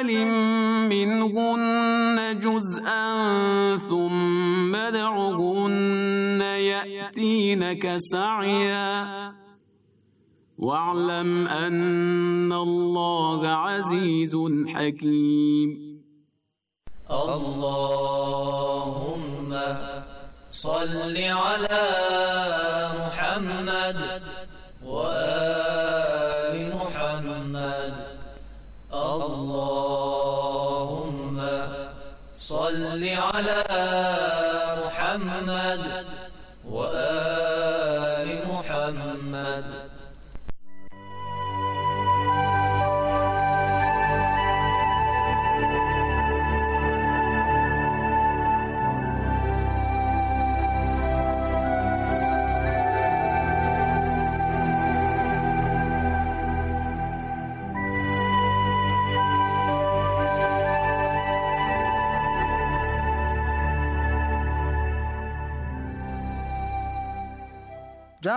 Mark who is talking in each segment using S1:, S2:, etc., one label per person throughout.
S1: رجال منهن جزءا ثم ادعهن يأتينك سعيا
S2: واعلم أن الله عزيز حكيم اللهم
S3: صل على محمد على محمد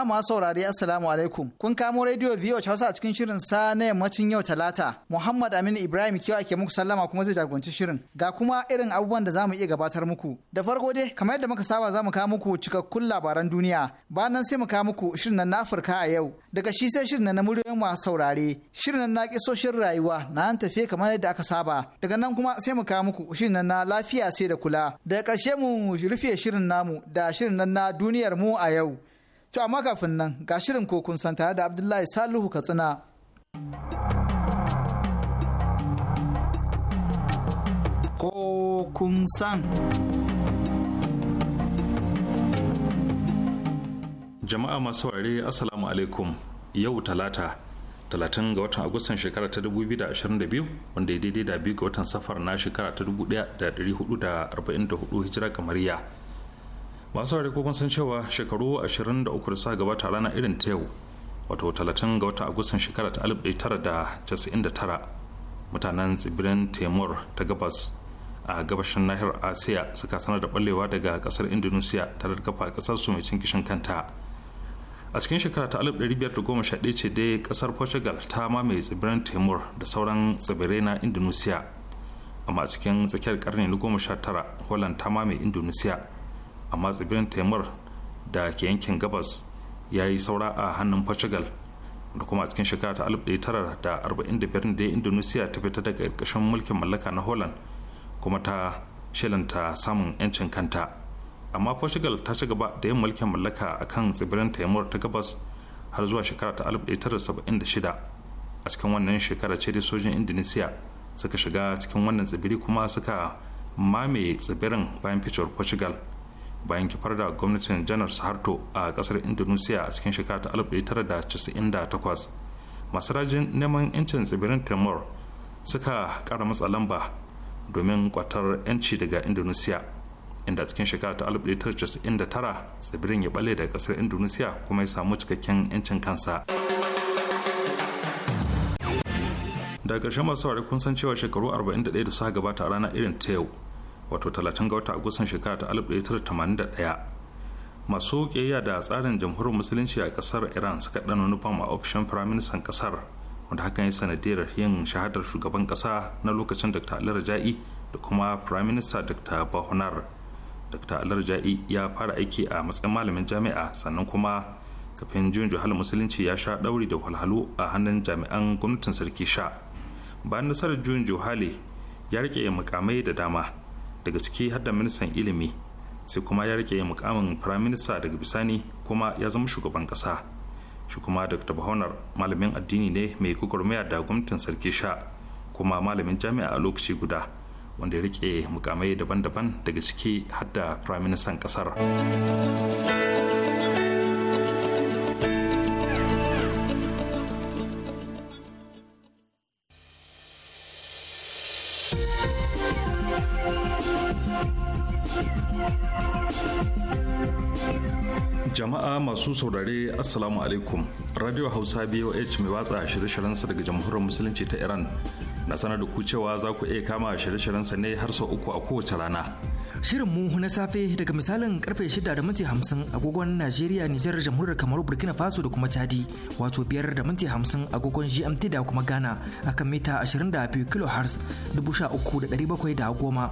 S4: jama'a saurari assalamu alaikum kun kamo radio biyu hausa a cikin shirin sa na yammacin yau talata muhammad aminu ibrahim kiwa ke muku sallama kuma zai jagoranci shirin ga kuma irin abubuwan da za mu iya gabatar muku da farko dai kamar yadda muka saba zamu kawo muku cikakkun labaran duniya bayan nan sai mu kawo muku shirin na afirka a yau daga shi sai shirin na muryoyin ma saurare shirin na kisoshin rayuwa na an tafe kamar yadda aka saba daga nan kuma sai mu kawo muku shirin na lafiya sai da kula daga ƙarshe mu rufe shirin namu da shirin na duniyar mu a yau To amma kafin nan ga shirin ko kun san tare da Abdullahi Salihu Katsina. Ko kun san.
S5: Jama'a masu ware Assalamu alaikum yau talata. talatin ga watan agustan shekara ta 2022 wanda ya daidai da biyu ga watan safar na shekara ta 1444 hijira kamariya masu ko kun san cewa shekaru 23 da suka gabata rana irin ta yau wato 30 ga wata agustan shekara ta 1999 mutanen tsibirin temur ta gabas a gabashin nahiyar asiya suka sanar da ballewa daga kasar indonesia tare da kafa kasar su mai cin kishin kanta a cikin shekara ta 1511 ce dai kasar portugal ta mamaye tsibirin temur da sauran tsibirai na indonesia amma a cikin tsakiyar karni na 19 holland ta mamaye indonesia amma tsibirin taimur da ke yankin gabas ya yi saura a hannun portugal da kuma a cikin shekara ta 1945 da indonesia ta fita daga ƙarƙashin mulkin mallaka na holland kuma ta shilanta samun 'yancin kanta amma portugal ta ci gaba da yin mulkin mallaka a kan tsibirin taimur ta gabas har zuwa shekara ta 1976 a cikin wannan shekara ce da sojin indonesia suka shiga cikin wannan tsibiri kuma suka mamaye tsibirin bayan fitowar portugal bayan kifar da gwamnatin janar saharto a kasar indonesia a cikin shekara ta 1998 masu rajin neman 'yancin tsibirin timor suka kara matsa lamba domin kwatar 'yanci daga indonesia inda cikin shekara ta 1999 tsibirin ya bale daga kasar indonesia kuma ya samu cikakken 'yancin kansa. daga ƙarshen masu ware kun san cewa shekaru 41 da suka gabata a ranar irin ta yau wato 30 ga wata agustan shekara ta 1981 masu ƙiyayya da tsarin jamhuriyar musulunci a kasar iran suka ɗana nufan a ofishin firaministan kasar wanda hakan ya sanadiyar yin shahadar shugaban kasa na lokacin dr ali ja'i da kuma firaminista dr bahunar dr ali ja'i ya fara aiki a matsayin malamin jami'a sannan kuma kafin juyin juhal musulunci ya sha dauri da walhalu a hannun jami'an gwamnatin sarki sha bayan nasarar juyin juhali ya rike mukamai da dama daga ciki har ministan ilimi sai kuma ya rike mukamin firaminista daga bisani kuma ya zama shugaban kasa shi kuma dr bahonar malamin addini ne mai gwagwarmaya da gwamnatin sarki sha kuma malamin jami'a a lokaci guda wanda ya rike mukamai daban-daban daga ciki har firaministan kasar masu saurare assalamu alaikum radio hausa boh mai watsa shirye-shiryensa daga jamhuriyar musulunci ta iran na sanar da ku cewa za ku iya kama shirye-shiryensa ne har sau uku a kowace rana
S3: shirin mu na safe daga misalin karfe shida da minti hamsin agogon najeriya nijar jamhuriyar kamar burkina faso da kuma chadi wato biyar da minti hamsin agogon gmt da kuma ghana akan mita ashirin da 22 kilohertz goma.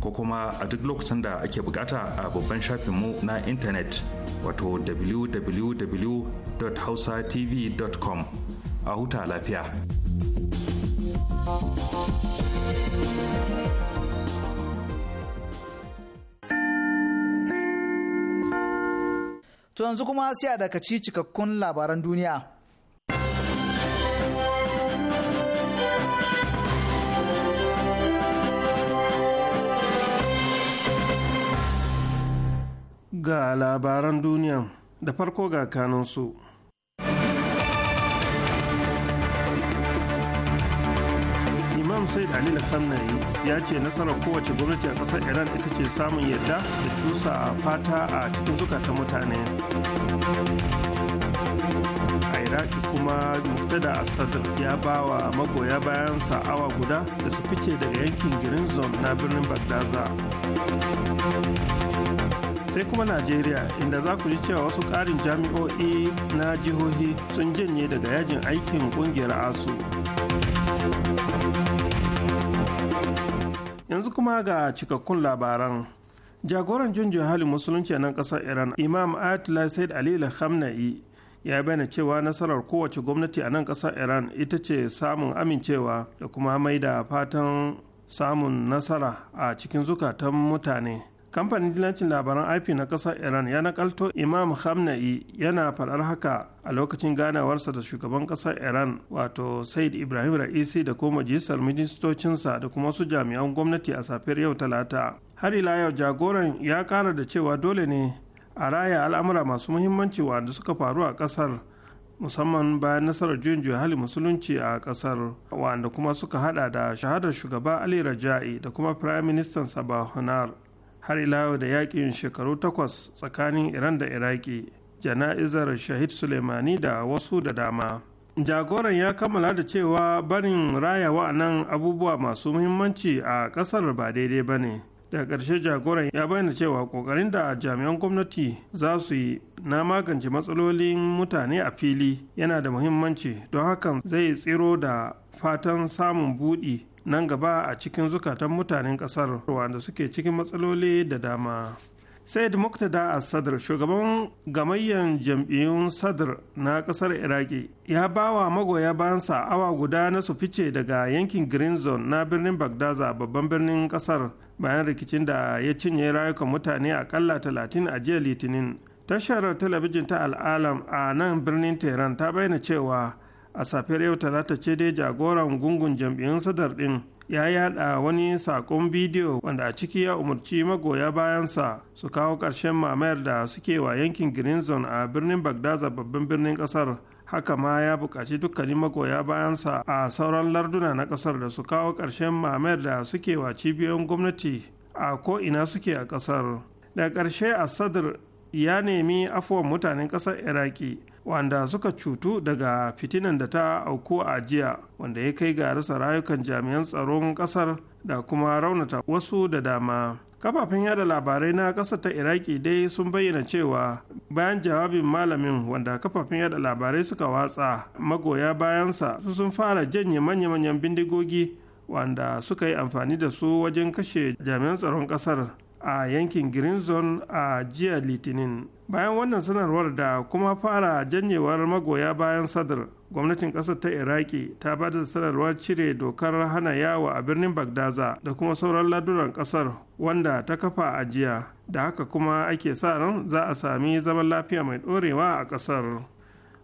S5: ko kuma a duk lokacin da ake bukata a babban mu na intanet wato www.hausatv.com a huta lafiya.
S4: To yanzu kuma sai a dakaci cikakkun labaran duniya.
S6: ga labaran duniya da farko ga kanunsu. imam said ali khamnai ya ce nasarar kowace gwamnati a ƙasar iran ita ce samun yadda da cusa a fata a cikin zukatan mutane a iraki kuma muktada asad ya ba wa magoya bayan sa'awa guda da su fice daga yankin girin zone na birnin bagdaza sai kuma najeriya inda za ku ji cewa wasu ƙarin jami'o'i na jihohi sun janye daga yajin aikin ƙungiyar asu yanzu kuma ga cikakkun labaran jagoran junjin halin musulunci nan ƙasar iran imam ayatollah said ali khamna'i ya bayyana cewa nasarar kowace gwamnati a nan ƙasar iran ita ce samun amincewa da kuma mai da fatan samun nasara a cikin zukatan mutane kamfanin dinancin labaran ip na kasar iran ya nakalto imam hamna'i yana faɗar haka a lokacin ganawarsa da shugaban kasar iran wato said ibrahim ra'isi da kuma majalisar ministocinsa da kuma wasu jami'an gwamnati a safiyar yau talata har ila yau jagoran ya ƙara da cewa dole ne a raya al'amura masu muhimmanci wanda suka faru a ƙasar musamman bayan nasarar juyin juya hali musulunci a ƙasar wanda kuma suka hada da shahadar shugaba ali raja'i da kuma firayim ministan sabahunar har ila da yakin shekaru takwas tsakanin iran da iraki jana'izar shahid suleimani da wasu da dama jagoran ya kammala da cewa barin raya wa'annan abubuwa masu muhimmanci a kasar ba daidai ba ne daga ƙarshe jagoran ya bayyana cewa ƙoƙarin da jami'an gwamnati za su yi na magance matsalolin mutane a fili yana da muhimmanci don hakan zai tsiro da fatan samun buɗi nan gaba a cikin zukatan mutanen ƙasar wanda suke cikin matsaloli da dama. Said Muktada a sadr shugaban gamayyar jam'iyyun Sadr na ƙasar Iraki ya bawa magoya bayansa awa guda na su fice daga yankin Green Zone na birnin Bagdaza babban birnin ƙasar bayan rikicin da ya cinye rayukan mutane akalla talatin a jiya Litinin. Tashar talabijin ta al'alam a nan birnin Tehran ta bayyana cewa a safiyar yau talata ce dai jagoran gungun jam'iyyun sadar din ya yada wani sakon bidiyo wanda a ciki ya umarci magoya bayansa su kawo ƙarshen mamayar da suke wa yankin green zone a birnin bagdaza babban birnin ƙasar haka ma ya buƙaci dukkanin magoya bayansa a sauran larduna na ƙasar da su kawo ƙarshen mamayar da suke wa cibiyoyin gwamnati a ko ina suke a ƙasar da ƙarshe a sadar ya nemi afuwan mutanen ƙasar iraki wanda suka cutu daga fitinan da ta auku a jiya wanda ya kai ga rasa rayukan jami'an tsaron kasar da kuma raunata wasu da dama kafafen yada labarai na ƙasa ta iraki dai sun bayyana cewa bayan jawabin malamin wanda kafafen yada labarai suka watsa magoya bayansa su sun fara janye manya-manyan bindigogi wanda suka yi amfani da su wajen kashe jami'an tsaron ƙasar a yankin green zone a jiya litinin bayan wannan sanarwar da kuma fara janyewar magoya bayan sadar gwamnatin kasar ta iraki ta ba da sanarwar cire dokar hana yawo a birnin bagdaza da kuma sauran laduran kasar wanda ta kafa a jiya da haka kuma ake sa ran za a sami zaman lafiya mai dorewa a kasar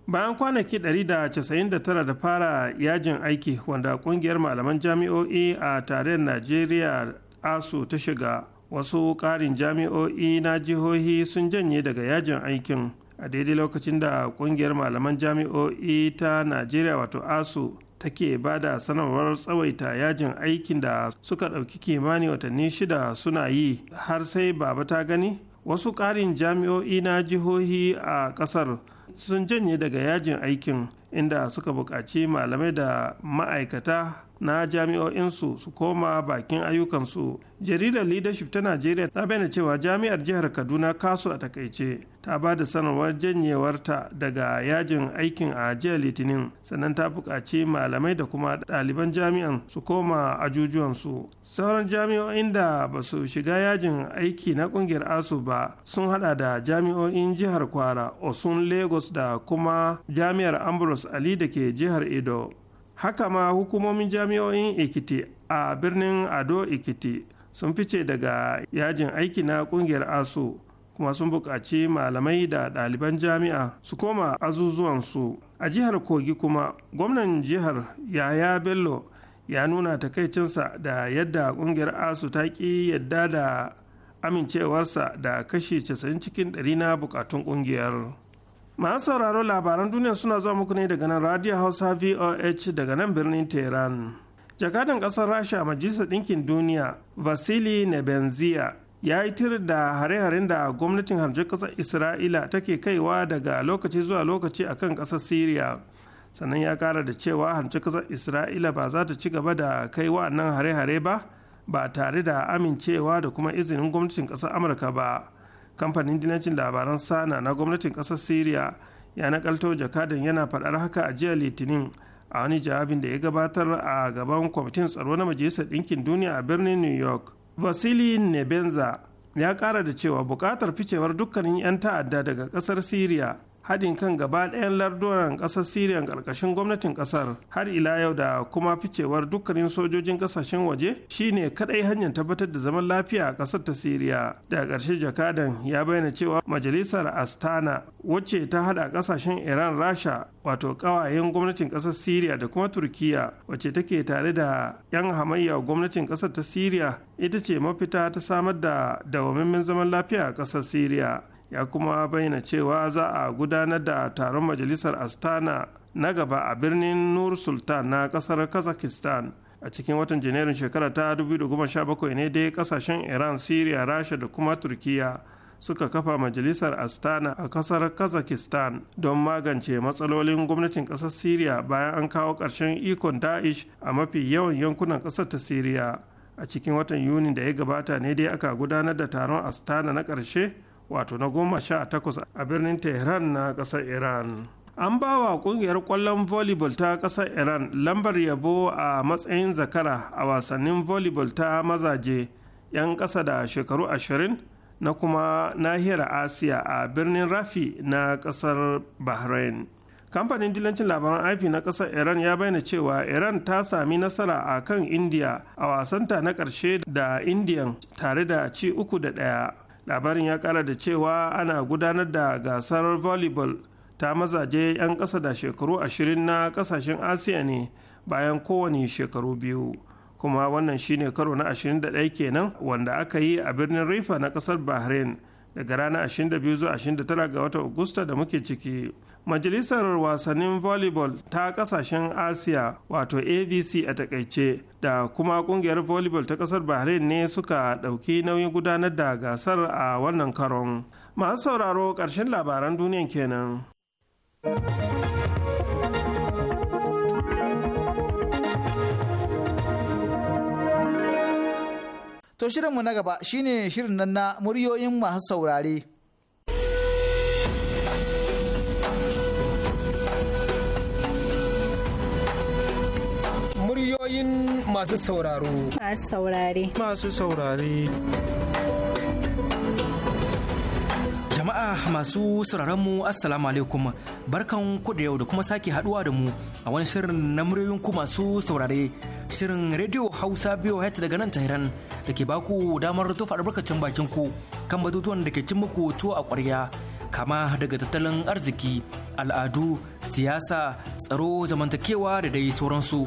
S6: bayan kwanaki 199 da fara yajin aiki wanda ƙungiyar malaman jami'o'i a tarayyar najeriya asu ta shiga wasu ƙarin jami'o'i na jihohi sun janye daga yajin aikin a daidai lokacin da ƙungiyar malaman jami'o'i ta najeriya wato asu take ba da sanarwar tsawaita yajin aikin da suka ɗauki kimanin watanni shida suna yi har sai baba ta gani wasu ƙarin jami'o'i na jihohi a ƙasar sun janye daga yajin aikin inda suka buƙaci malamai da ma'aikata na jami'o'insu su koma bakin ayyukansu jaridar leadership ta najeriya ta bayyana cewa jami'ar jihar kaduna kasu a takaice ta ba da sanarwar janyewarta daga yajin aikin a jiya litinin sannan ta buƙaci malamai da kuma ɗaliban jami'an su koma ajujuwansu sauran jami'o'in da ba su shiga yajin aiki na ƙungiyar asu ba sun hada da jami'o'in jihar kwara osun lagos da kuma jami'ar ambrose ali da ke jihar edo haka ma hukumomin jami'o'in ikiti a birnin ado ikiti sun fice daga yajin aiki na kungiyar aso kuma sun buƙaci malamai da ɗaliban jami'a su koma azuzuwansu a jihar kogi kuma gwamnan jihar yaya bello ya nuna takaicinsa da yadda kungiyar asu ta ƙi yadda da amincewarsa da kashi 90 cikin 100 na bukatun kungiyar. masu sauraro labaran duniya suna zuwa muku ne daga nan radio hausa voh daga nan birnin tehran jakadan kasar rasha majalisar ɗinkin duniya vasili Nebenzia ya yi tir da hare-haren da gwamnatin harjar kasar isra'ila take kaiwa daga lokaci zuwa lokaci a kan kasar siriya sannan ya kara da cewa harjar kasar isra'ila ba za ta ci gaba da kai nan hare-hare ba ba tare da amincewa da kuma izinin gwamnatin kasar amurka ba kamfanin dinacin labaran sana na gwamnatin kasar syria ya nakalto jakadan yana faɗar haka a jiya litinin a wani jawabin da ya gabatar a gaban kwamitin tsaro na majalisar ɗinkin duniya a birnin new york vasili nebenza ya ƙara da cewa buƙatar ficewar dukkanin 'yan ta'adda daga ƙasar syria haɗin kan gaba ɗayan lardunan ƙasar siriyan ƙarƙashin gwamnatin ƙasar har ila yau da kuma ficewar dukkanin sojojin ƙasashen waje shine kaɗai hanyar tabbatar da zaman lafiya a ƙasar ta siriya da ƙarshe jakadan ya bayyana cewa majalisar astana wacce ta haɗa ƙasashen iran rasha wato ƙawayen gwamnatin ƙasar siriya da kuma turkiya wacce take tare da 'yan hamayya gwamnatin ƙasar ta siriya ita ce mafita ta samar da dawamammen zaman lafiya a ƙasar siriya ya kuma bayyana cewa za a gudanar da taron majalisar astana na gaba a birnin nur sultan na kasar kazakhstan a cikin watan janairun shekara ta 2017 ne dai kasashen iran syria rasha da kuma turkiya suka kafa majalisar astana a kasar kazakhstan don magance matsalolin gwamnatin kasar syria bayan an kawo ƙarshen ikon daesh a mafi yawan yankunan kasar ta syria a cikin watan yuni da ya gabata ne dai aka gudanar da taron astana na ƙarshe wato na goma sha takwas a birnin tehran na ƙasar iran an ba wa ƙungiyar ƙwallon volleyball ta ƙasar iran lambar yabo a matsayin zakara a wasannin volleyball ta mazaje 'yan ƙasa da shekaru ashirin na kuma nahiyar asiya a birnin rafi na ƙasar bahrain kamfanin dilancin labaran ip na ƙasar iran ya bayyana cewa iran ta sami nasara a kan indiya a wasanta na ƙarshe da indiyan tare da ci uku da ɗaya labarin ya kara da cewa ana gudanar da gasar volleyball ta mazaje 'yan ƙasa da shekaru ashirin na ƙasashen asiya ne bayan kowane shekaru biyu kuma wannan shine karo na 21 kenan wanda aka yi a birnin rifa na ƙasar bahrain daga ranar 22 zuwa 29 ga watan agusta da muke ciki Majalisar wasannin volleyball ta kasashen Asiya wato ABC a takaice da kuma kungiyar volleyball ta kasar Bahrain ne suka ɗauki nauyin gudanar da gasar a wannan karon. Masu sauraro ƙarshen labaran duniyan kenan.
S4: To shirinmu na gaba shine shirin nan na muryoyin masu saurare.
S7: Muryoyin masu sauraro.
S8: Masu saurare.
S3: Masu saurare. Jama'a masu sauraron mu Assalamu alaikum barkan ku da yau da kuma sake haduwa da mu a wani shirin na muryoyin ku masu saurare shirin Radio Hausa biyo hayata daga nan Tahiran da ke baku damar tofa albarkacin bakin ku kan batutuwan da ke cin muku tuwo a ƙwarya kama daga tattalin arziki, al'adu, siyasa, tsaro, zamantakewa da dai sauransu.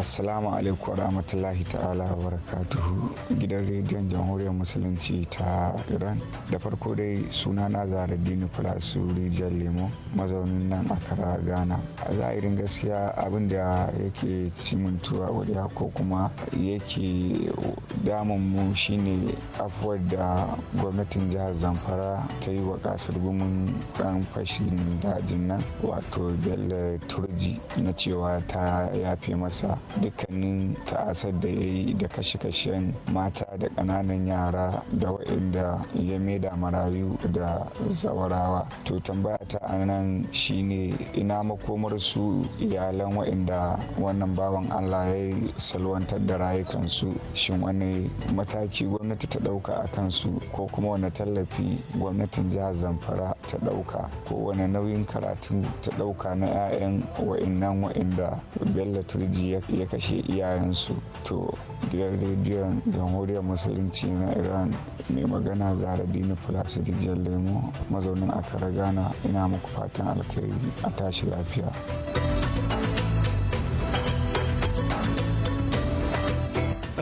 S9: assalamu alaikum rahmatullahi ta'ala barakatuhu gidan rediyon jamhuriyar musulunci ta iran da farko dai suna na zaradini falasu rijiyar lemo mazaunin nan a kara ghana a zahirin gaskiya abin da yake cimintuwa wadda ko kuma yake damun mu shine afuwar da gwamnatin jihar zamfara ta yi wa kasar gumin ran fashin dajin nan wato bello turji na cewa ta yafe masa dukkanin ta'asar da ya yi da kashe-kashen mata da ƙananan yara da waɗanda ya maida marayu da zawarawa to tambaya ta anan shine ina makomar su iyalan waɗanda wannan bawan allah ya salwantar da rayukansu shin wani mataki gwamnati ta ɗauka a kansu ko kuma wani tallafi gwamnatin jihar zamfara ta ɗauka ko wani nauyin karatu ta ɗauka na 'ya'yan wa'innan wa'inda bello turji ya ya kashe iyayensu to gidan rediyon jamhuriyar musulunci na iran mai magana zara dini fulasi dijiyar lemo mazaunin akara ghana ina muku fatan alkhairi a tashi lafiya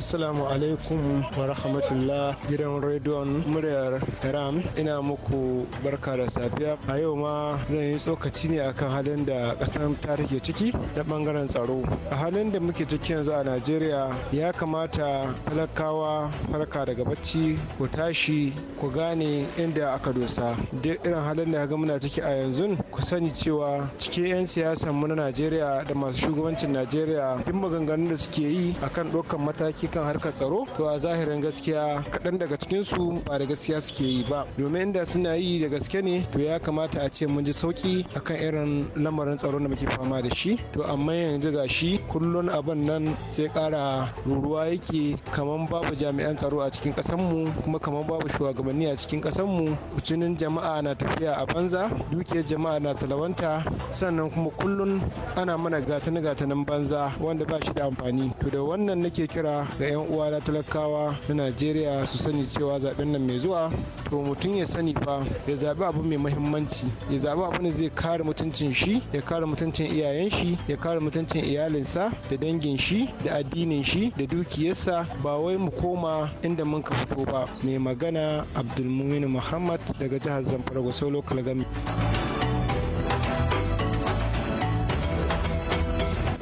S10: assalamu alaikum wa rahmatullah gidan rediyon muryar Iram ina muku barka da safiya a yau ma zan yi tsokaci ne akan halin da kasan ta take ciki da bangaren tsaro a halin da muke ciki yanzu a najeriya ya kamata talakawa farka daga bacci ku tashi ku gane inda aka dosa duk irin halin da ga muna ciki a yanzu ku sani cewa cikin 'yan siyasan mu na najeriya da masu shugabancin najeriya duk maganganun da suke yi akan ɗaukan mataki kan harkar tsaro to a zahirin gaskiya kaɗan daga cikinsu ba da gaskiya suke yi ba domin inda suna yi da gaske ne to ya kamata a ce mun ji sauki akan irin lamarin tsaro da muke fama da shi to amma yanzu ga shi kullun abin nan sai ƙara ruruwa yake kamar babu jami'an tsaro a cikin mu kuma kamar babu shugabanni a cikin mu jinin jama'a na tafiya a banza dukiyar jama'a na talawanta sannan kuma kullun ana mana gatanin gatanin banza wanda ba shi da amfani to da wannan nake kira ga 'yan uwa na talakawa na najeriya su sani cewa zaben nan mai zuwa to mutum ya sani fa ya zaɓi abu mai muhimmanci ya zaɓi abu ne zai kare mutuncin shi ya kare mutuncin iyayen shi ya kare mutuncin iyalinsa da dangin shi da addinin shi da dukiyarsa ba wai mu koma inda mun ka fito ba mai magana abdulmumin muhammad daga jihar zamfara gusau kalgami.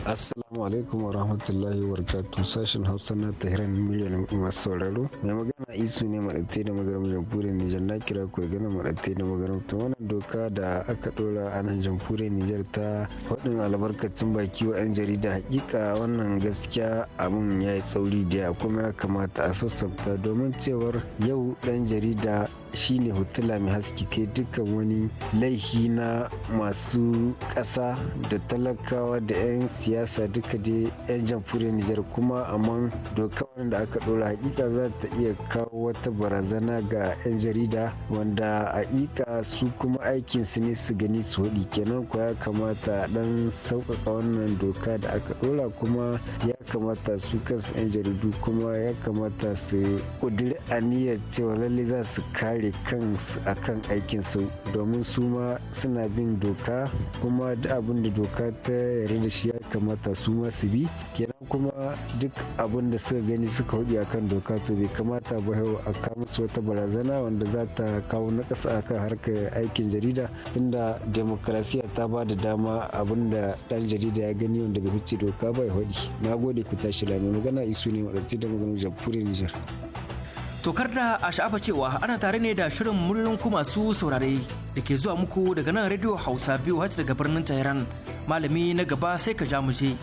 S11: Assalamu alaikum wa rahmatullahi wa barakatuh sashen Hausa na Tahiran miliyan masu sauraro. Mai magana isu ne maɗatai da magaram jamhuriyar Nijar na kira ku gana maɗatai da magaram ta wannan doka da aka ɗora a nan jamhuriyar Nijar ta faɗin albarkacin baki wa 'yan jarida hakika wannan gaskiya abin ya yi tsauri da kuma ya kamata a sassabta domin cewar yau ɗan jarida shine hotala mai haske kai dukkan wani laifi na masu ƙasa da talakawa da 'yan siyasa duka da 'yan jamhuriyar nijar kuma amma doka wanda aka ɗora hakika za ta iya kawo wata barazana ga 'yan jarida wanda hakika su kuma aikin su ne su gani su haɗi kenan ko ya kamata dan sauƙaƙa wannan doka da aka ɗora kuma ya kamata su kansu 'yan jaridu kuma ya kamata su ƙudiri aniyar cewa lalle za su kare kare kansu akan aikinsu domin su ma suna bin doka kuma duk abin da doka ta yarda da shi ya kamata su ma su bi kenan kuma duk abin da suka gani suka hudu a kan doka to bai kamata ba yau a kawo musu wata barazana wanda za ta kawo nakasa akan harkar aikin jarida tunda demokrasiya ta ba da dama abin da dan jarida ya gani wanda bai huce doka ba ya hudu na gode ku tashi lami magana isu ne wadattu da maganin jamhuriyar nijar
S3: sokar da a sha'afa cewa ana tare ne da shirin muryoyin ku masu saurare da ke zuwa muku daga nan Radio Hausa biyu hajji daga birnin Tehran. Malami na gaba sai ka ja mu je.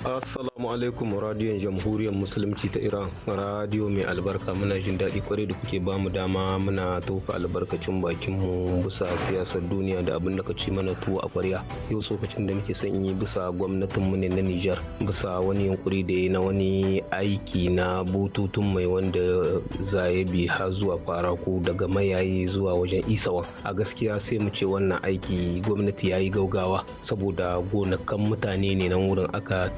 S7: Assalamu alaikum radiyon jamhuriyar musulunci ta Iran. Radiyo mai albarka muna jin daɗi kwarai da kuke bamu dama muna tofa albarkacin bakin mu bisa siyasar duniya da abin da ka mana tuwo a kwarya. Yau sokacin da muke son yi bisa gwamnatin mu ne na Nijar bisa wani yunkuri da ya na wani aiki na bututun mai wanda zaye bi har zuwa fara ko daga mayayi zuwa wajen isawa. A gaskiya sai mu ce wannan aiki gwamnati ya yi gaugawa saboda gonakan mutane ne nan wurin aka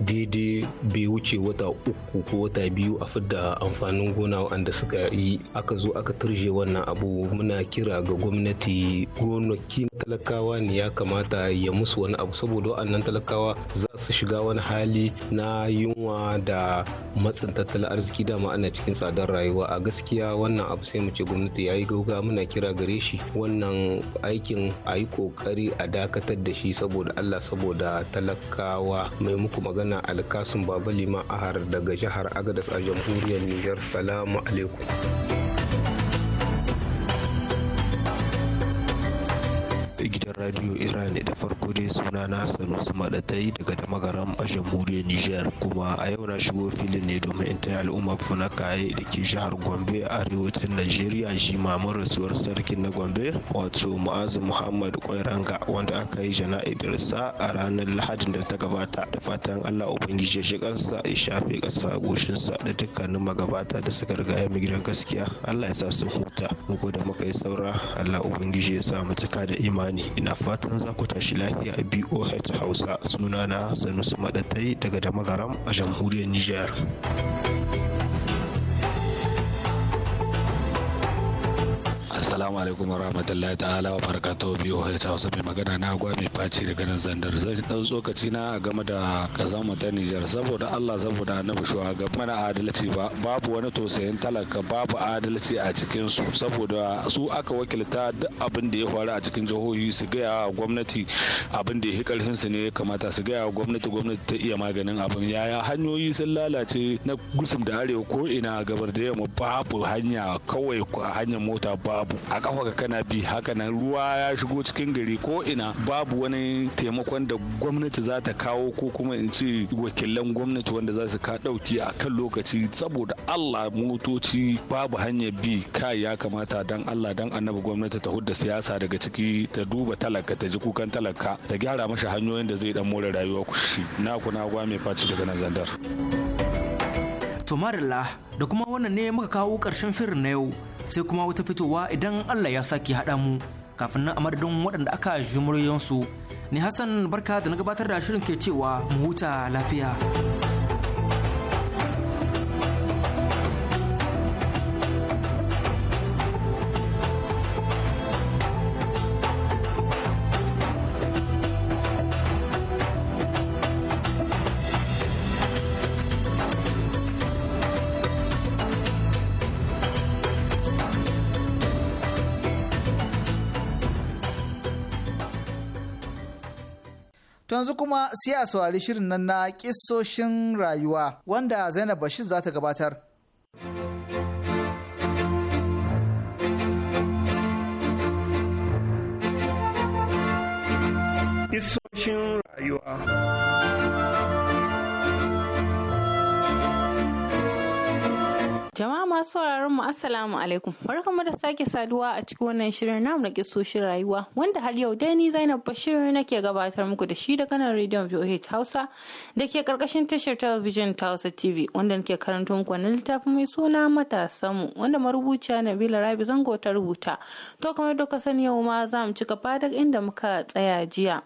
S7: daidai bai wuce wata uku ko wata biyu a fidda amfanin gona wanda suka yi aka zo aka turje wannan abu muna kira ga gwamnati gonaki talakawa ne ya kamata ya musu wani abu saboda wa'annan talakawa za su shiga wani hali na yunwa da matsin tattalin arziki dama ana cikin tsadar rayuwa a gaskiya wannan abu sai mu ce gwamnati ya yi gauga muna kira gare shi wannan aikin a yi kokari a dakatar da shi saboda allah saboda talakawa mai muku magana alkasun baba lima ahar daga jihar agadas a jamhuriyar niger salamu alaikum radio iran da farko dai suna na Sanusi usman daga damagaram a jamhuriyar nijar kuma a yau na shigo filin ne domin in taya al'ummar funakaye da ke jihar gombe a arewacin najeriya shi mamar rasuwar sarkin na gombe wato mu'azu muhammad kwairanga wanda aka yi jana'idarsa a ranar lahadin da ta gabata da fatan allah ubangiji ya kansa ya shafe ƙasa goshinsa da dukkanin magabata da suka riga ya gidan gaskiya allah ya sa su huta mu da muka yi saura allah ubangiji ya sa mu cika da imani ina Ina fatan za ku tashi lafiya a BOH Hausa sunana Sanusi Madatai
S12: daga Damagaram a jamhuriyar niger. Assalamu alaikum wa rahmatullahi ta'ala wa barakatuhu biyu ya hausa mai magana na agwa mai faci daga nan zandar zan dan tsokaci na a game da kazan ta Nijar saboda Allah saboda annabi shuwa ga mana adalci ba babu wani tausayin talaka babu adalci a cikin su saboda su aka wakilta duk abin da ya faru a cikin jihohi su gaya wa gwamnati abin da ya fi karfin su ne ya kamata su gaya wa gwamnati gwamnati ta iya maganin abin yaya hanyoyi sun lalace na gusum da arewa ko ina gabar da yamma babu hanya kawai a hanyar mota babu a kafa kana bi haka nan ruwa ya shigo cikin gari ko ina babu wani taimakon da gwamnati za ta kawo ko kuma in ce wakilan gwamnati wanda za su ka dauki a kan lokaci saboda Allah motoci babu hanyar bi kai ya kamata dan Allah dan annabi gwamnati ta hudda siyasa daga ciki ta duba talaka ta ji kukan talaka ta gyara masa hanyoyin da zai dan more rayuwa ku shi na gwa mai faci daga nan zandar.
S3: Tomarilla da kuma wannan ne muka kawo ƙarshen shirin na yau sai kuma wata fitowa idan Allah ya sake haɗa mu kafin nan a madadin waɗanda aka ji muryansu. Ni Hassan barka da na gabatar da shirin ke cewa mu huta lafiya.
S4: To yanzu kuma sai a saurari shirin nan na kissoshin rayuwa wanda Zainab Bashir za ta gabatar.
S6: Kissoshin rayuwa.
S8: Jama'a masu sauraron mu Assalamu alaikum. mu da sake saduwa a cikin wannan shirin namu na kisoshin rayuwa wanda har yau dai ni Zainab Bashir nake gabatar muku da shi da nan rediyon VOH Hausa da ke karkashin tashar talabijin ta Hausa TV wanda nake karanto muku wannan littafi mai suna matasan mu wanda marubuciya Nabila Rabi Zango ta rubuta. To kamar da ka sani yau ma za mu ci gaba da inda muka tsaya jiya.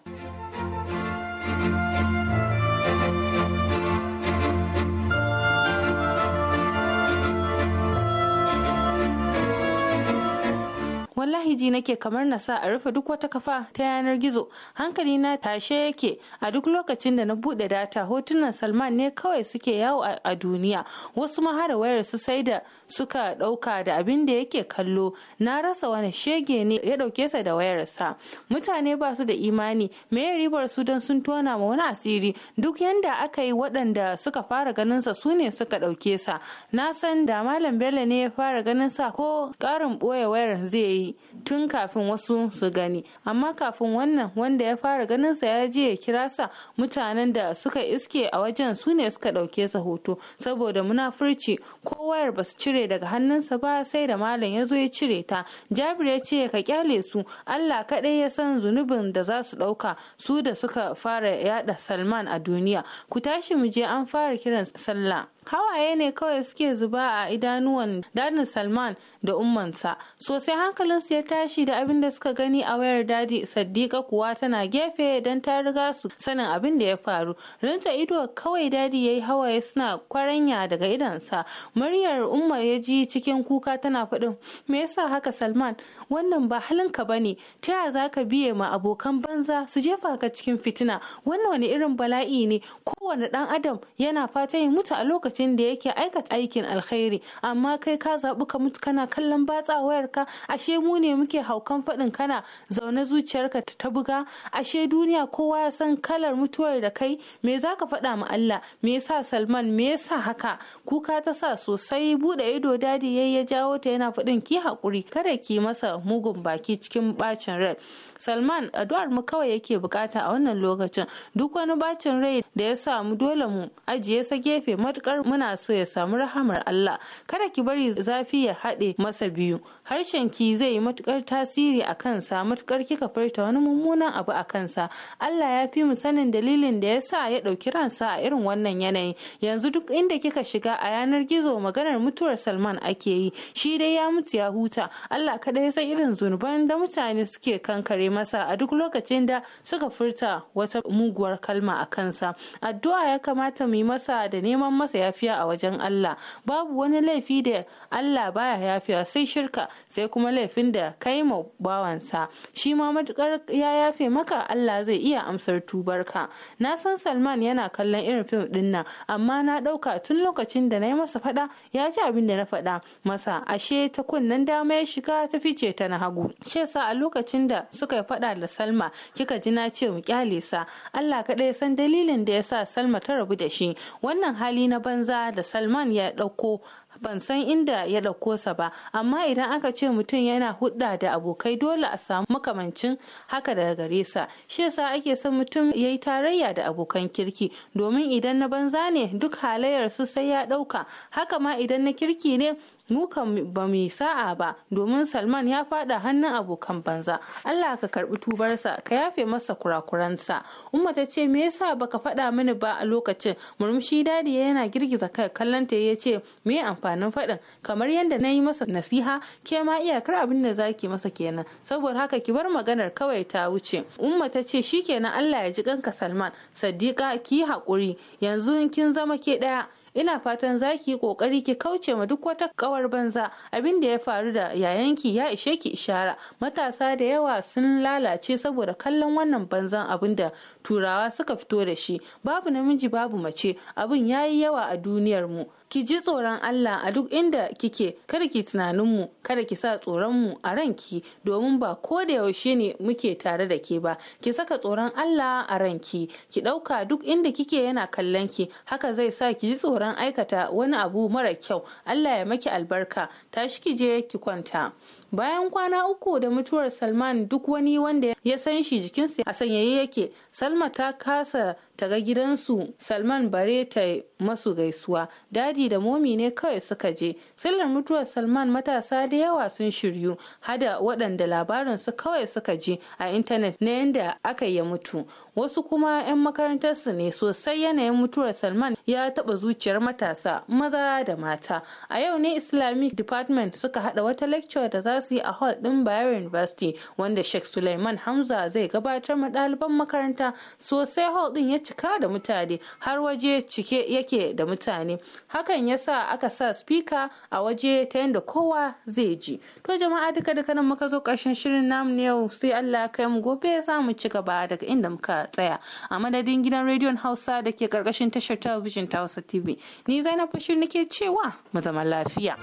S8: wallahi ji nake kamar na sa a rufe duk wata kafa ta yanar gizo hankali na tashe yake a duk lokacin da na bude data hotunan salman ne kawai suke yawo a duniya wasu ma har wayar su sai da suka dauka da abin da yake kallo na rasa wani shege ne ya dauke sa da sa mutane ba su da imani me ribar su dan sun tona ma wani asiri duk yanda aka yi waɗanda suka fara ganin sa su ne suka dauke sa na san da malam bello ne ya fara ganin sa ko karin boye wayar zai yi gani tun kafin wasu su gani amma kafin wannan wanda ya fara ganin sa ya je ya kira sa mutanen da suka iske a wajen su ne suka ɗauke sa hoto saboda munafurci ko wayar ba cire daga hannunsa ba sai da malam ya zo ya cire ta jabir ya ce ka kyale su allah kaɗai ya san zunubin da za su ɗauka su da suka fara yada salman a duniya ku tashi mu je an fara kiran sallah hawaye ne kawai suke zuba a idanuwan dadin salman da ummansa sosai hankalinsu ya tashi da abin da suka gani a wayar dadi saddiqa kuwa tana gefe don ta riga su sanin abin da ya faru rinta ido kawai dadi ya yi hawaye suna kwaranya daga idansa muryar umma ya ji cikin kuka tana faɗin me yasa haka salman wannan ba halinka ba ne ta yaya za ka biye ma abokan banza su jefa ka cikin fitina wannan wani irin bala'i ne kowane ɗan adam yana fata ya mutu a lokacin lokacin da yake aikata aikin alkhairi amma kai ka zaɓi ka mutu kana kallon batsa wayarka ashe mu ne muke haukan faɗin kana zaune zuciyarka ta buga ashe duniya kowa ya san kalar mutuwar da kai me za ka faɗa ma Allah me yasa Salman me yasa haka kuka ta sa sosai buɗe ido dadi yayi ya jawo ta yana faɗin ki haƙuri kada ki masa mugun baki cikin bacin rai salman addu'ar mu kawai yake bukata a wannan lokacin duk wani bacin rai da ya samu dole mu ajiye sa gefe matukar muna so ya samu rahamar allah kada ki bari zafi ya haɗe masa biyu harshen ki zai yi matukar tasiri a kansa matukar kika furta wani mummunan abu a kansa allah ya fi mu sanin dalilin da ya sa ya ɗauki ransa a irin wannan yanayi yanzu duk inda kika shiga a yanar gizo maganar mutuwar salman ake yi shi dai ya mutu ya huta allah kada ya san irin zunuban da mutane suke kankare masa a duk lokacin da suka furta wata muguwar kalma a kansa addu'a ya kamata mu yi masa da neman masa yafiya a wajen Allah babu wani laifi da Allah baya yafiya sai shirka sai kuma laifin da kai ma bawansa shi ma matukar ya yafe maka Allah zai iya amsar tubarka na san Salman yana kallon irin fim din nan amma na dauka tun lokacin da na yi masa fada ya ji abin da na faɗa masa ashe ta kunnen dama ya shiga ta fice ta na hagu shi a lokacin da suka ya faɗa da Salma kika ji na ce mu kyale sa Allah kaɗai san dalilin da ya sa Salma ta rabu da shi wannan hali na banza da Salman ya ɗauko ban san inda ya ɗauko sa ba amma idan aka ce mutum yana hudda da abokai dole a samu makamancin haka daga gare sa shi yasa ake son mutum ya yi tarayya da abokan kirki domin idan na banza ne duk halayyar su sai ya ɗauka haka ma idan na kirki ne mu kan ba mu sa'a ba domin salman ya fada hannun abokan banza allah ka karbi tubarsa ka yafe masa kurakuransa umma ta ce me yasa baka fada mini ba a lokacin murmushi dadi yana girgiza kai kallon ta ya ce me amfanin faɗin kamar yadda na yi masa nasiha ke ma iyakar abin da zaki masa kenan saboda haka ki bar maganar kawai ta wuce umma ta ce shikenan allah ya ji kanka salman sadiqa ki haƙuri yanzu kin zama ke ɗaya ina fatan za ki yi kokari ki kauce ma duk wata kawar banza abin da ya faru da yayanki ya ishe ki ishara matasa da yawa sun lalace saboda kallon wannan banzan abin da turawa suka fito da shi babu namiji babu mace abin yi yawa a duniyar mu ki ji tsoron Allah a duk inda kike kada ki tunanin mu kada ki sa tsoron mu a ranki domin ba ko da yaushe ne muke tare da ke ba ki saka tsoron Allah a ranki ki ɗauka duk inda kike yana kallon ki haka zai sa ki ji tsoron aikata wani abu mara kyau Allah ya maki albarka tashi ki je ki kwanta bayan kwana uku da mutuwar salman duk wani wanda ya san shi jikinsa a sanyaye yake salma ta kasa ta ga gidansu salman bare ta masu gaisuwa dadi da momi ne kawai suka je sallar mutuwar salman matasa da yawa sun shiryu hada waɗanda labarinsu kawai suka je a intanet na yadda aka yi mutu wasu kuma 'yan makarantarsu ne sosai yanayin mutuwar salman ya taɓa zuciyar matasa maza da mata a yau ne islamic department suka hada wata lecture da za su yi a hall ɗin bayero university wanda sheikh suleiman hamza zai gabatar ma ɗaliban makaranta sosai hall ɗin ya cika da mutane har waje cike yake da mutane hakan ya sa aka sa spika a waje ta yadda kowa zai ji to jama'a duka duka nan muka zo karshen shirin namu ne yau sai Allah ya kai mu gobe za mu ci gaba daga inda muka tsaya a madadin gidan rediyon Hausa da ke karkashin tashar talabijin ta Hausa TV ni Zainab fashin nake cewa mu zama lafiya.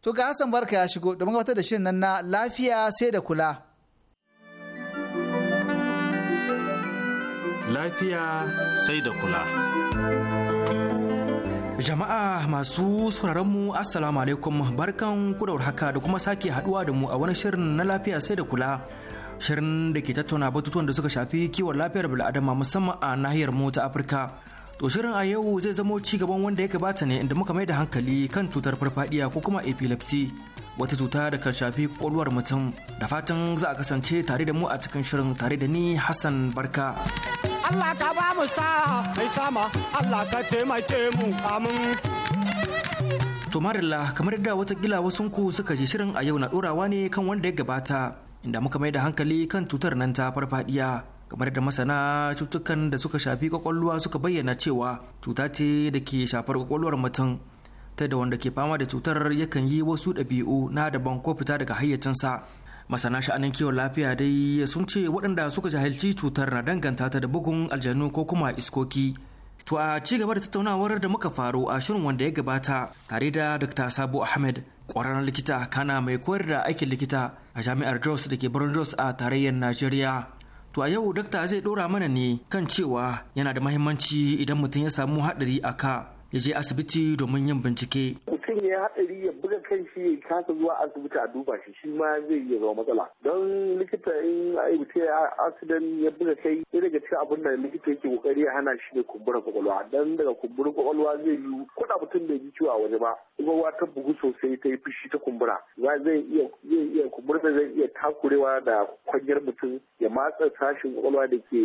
S4: To ga Hassan Barka ya shigo da magabatar da shirin nan na lafiya sai da kula.
S6: Lafiya sai da kula.
S3: Jama'a masu mu Assalamu alaikum barkan ku da haka da kuma sake haduwa da mu a wani shirin na lafiya sai da kula. Shirin da ke tattauna batutuwan da suka shafi kiwon lafiyar bil'adama musamman a nahiyar mu ta Afirka. To shirin a yau zai zamo ci gaban wanda ya gabata ne inda muka mai da hankali kan cutar farfadiya ko kuma epilepsy wata cuta da kan shafi kwakwalwar mutum da fatan za a kasance tare da mu a cikin shirin tare da ni Hassan Barka.
S2: Allah ka ba mu sa mai
S3: sama Allah ka taimake mu amin. To marilla kamar da watakila wasu ku suka je shirin a yau na ɗorawa ne kan wanda ya gabata inda muka mai da hankali kan cutar nan ta farfadiya. kamar da masana cutukan da suka shafi kwakwalwa suka bayyana cewa cuta ce da ke shafar kwakwalwar mutum ta da wanda ke fama da cutar yakan yi wasu ɗabi'u na daban ko fita daga hayyacinsa masana sha'anin kiwon lafiya dai sun ce waɗanda suka jahilci cutar na danganta ta da bugun aljanu ko kuma iskoki to a ci gaba da tattaunawar da muka faru a shirin wanda ya gabata tare da dr sabo ahmed ƙwararren likita kana mai koyar da aikin likita a jami'ar jos da ke birnin jos a tarayyar najeriya To a yau dakta zai ɗora mana ne kan cewa yana da mahimmanci idan mutum ya samu haɗari a ka ya je asibiti domin yin bincike.
S2: mutum ya haɗari ya buga kan shi ya kasa zuwa asibiti a duba shi shi ma zai iya zama matsala don likita in yi mutum ya accident ya buga kai ya daga cikin abin da likita yake kokari ya hana shi ne kumburin kwakwalwa don daga kumburin kwakwalwa zai yi kuɗa mutum bai ji ciwo a waje ba kwakwalwa ta bugu sosai ta yi fushi ta kumbura za zai iya zai iya kumburin zai iya takurewa da kwanyar mutum ya matsa sashin kwakwalwa da ke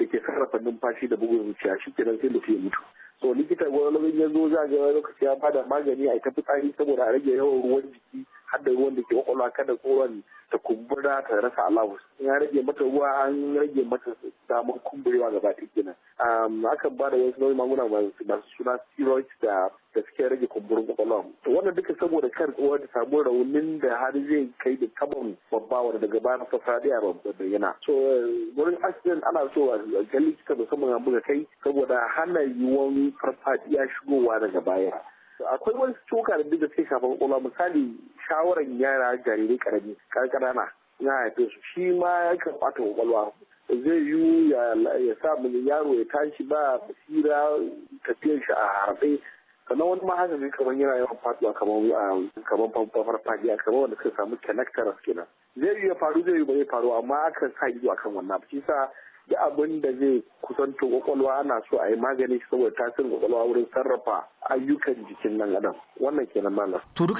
S2: da ke sarrafa numfashi da bugun zuciya shi kenan sai mutum ya mutu. so likita wani ya zo za ga lokaci ya bada magani a ta fitsari saboda a rage yawan ruwan jiki Hadda ruwan da ke kwakwalwa kada kowan ta kumbura ta rasa alawus in ya rage mata ruwa an rage mata damar kumburewa gaba ɗaya kenan akan ba da wasu nau'in maguna masu suna steroids da da suke rage kumburin kwakwalwa to wannan duka saboda kar uwa ta samu raunin da har zai kai da tabon babba wanda daga baya masa fadiya ba bayyana so wurin accident ana so a ga likita musamman a buga kai saboda hana yiwuwar farfadiya shigowa daga baya akwai wani cuka da da suke shafa kwakwalwa misali shawaran yara jarirai karami karkarana na haife su shi ma kan bata kwakwalwa zai yi ya sa mini yaro ya tashi ba basira tafiyar shi a harfe sannan wani ma haka ne kamar yana yawan fatuwa kamar ah, kamar farfadiya kamar wanda suka samu connectors kenan zai yi ya faru zai yi ba zai faru amma akan sa ido akan wannan shi sa duk abin da zai kusanto kwakwalwa ana so a yi magani saboda tasirin kwakwalwa wurin sarrafa ayyukan jikin nan adam wannan kenan malam
S3: to duk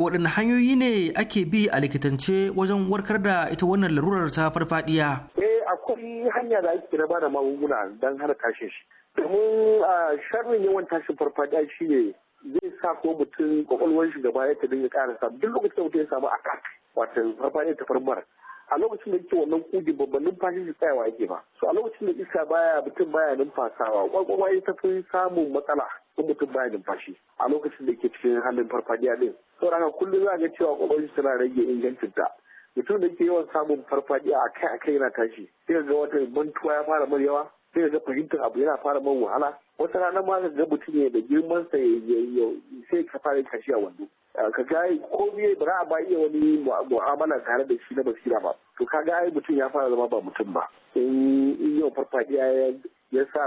S3: waɗanne hanyoyi ne ake bi a likitance wajen warkar da ita wannan larurar ta farfadiya
S2: eh akwai hanya da ake na bada magunguna don hana tashin shi domin sharrin yawan tashin farfadiya shi ne, zai sa ko mutum kwakwalwar shi gaba ya ta dinga karasa duk lokacin da mutum ya samu akat wato farfadiya ta farmar a lokacin da yake wannan kugin babban numfashi shi tsayawa yake ba so a lokacin da iska baya mutum baya numfasawa kwakwalwa ta fi samun matsala in mutum baya numfashi a lokacin da yake cikin halin farfadiya din so haka kullum za ga cewa kwakwalwa tana rage ingancin ta mutum da ke yawan samun farfadiya a kai a kai yana tashi sai ga wata bantuwa ya fara mar yawa sai ga fahimtar abu yana fara mar wahala wata rana ma ga mutum ne da girman sa sai ka fara kashi a wando Eh, ka ga ko biye ba za a ba iya wani mu'amala tare da shi na basira ba to ka ga mutum ya fara zama ba mutum ba in yau farfadiya ya sa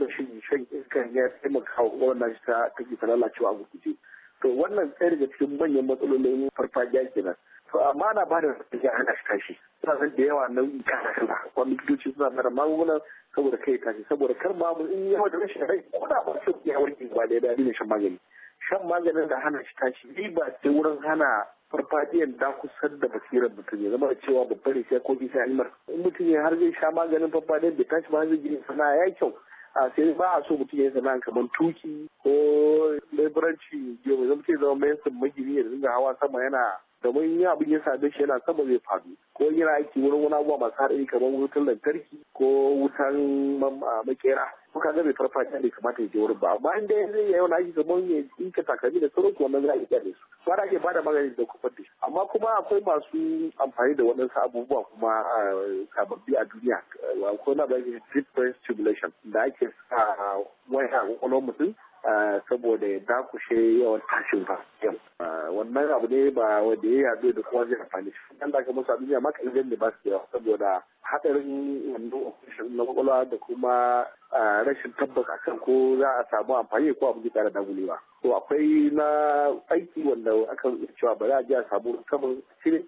S2: rashin shan iska ya taimaka wa wannan shi ta ke ta lalacewa a gurguje to wannan tsaye daga cikin manyan matsalolin farfadiya kenan to amma na ba da ya hana shi tashi suna san da yawa nan kana kana wani likitoci suna mara magunguna saboda kai tashi saboda kar ma in yawa da rashin rai ko da ba su ya wani ba da ya dadi shan magani shan maganin da hana shi tashi ni ba sai wurin hana farfadiyan da kusa da basirar mutum ya zama cewa babban ne sai kofi sai almar in mutum ya har zai sha maganin farfadiyan da tashi ba zai gina sana'a ya kyau a sai ba a so mutum ya sana'a kamar tuki ko leburanci ya zama mutum zama mai sun magini ya dinga hawa sama yana domin yin abin ya same shi yana sama zai faɗi ko yana aiki wurin wani abubuwa masu haɗari kamar wutan lantarki ko wutan makera ko kaga bai farfaɗiya ne kamata ya je wurin ba amma in dai zai yau na shi kamar ya dinka takalmi da sauransu wannan za a iya da su ba da ake bada magani da kufar da amma kuma akwai masu amfani da waɗansu abubuwa kuma eh, sababbi a duniya eh, akwai na ba shi deep brain stimulation da ake sa eh, waya a kwakwalwar mutum saboda ya dakushe yawan tashin fasiyan wannan abu ne ba wanda ya yaɗu da kuma zai amfani shi kan da aka musu abin ya maka ilmin da ba su yawa saboda haɗarin wannan operation na kwakwalwa da kuma rashin tabbas akan ko za a samu amfani ko abu zai da dagulewa to akwai na aiki wanda akan cewa ba za a je a samu saman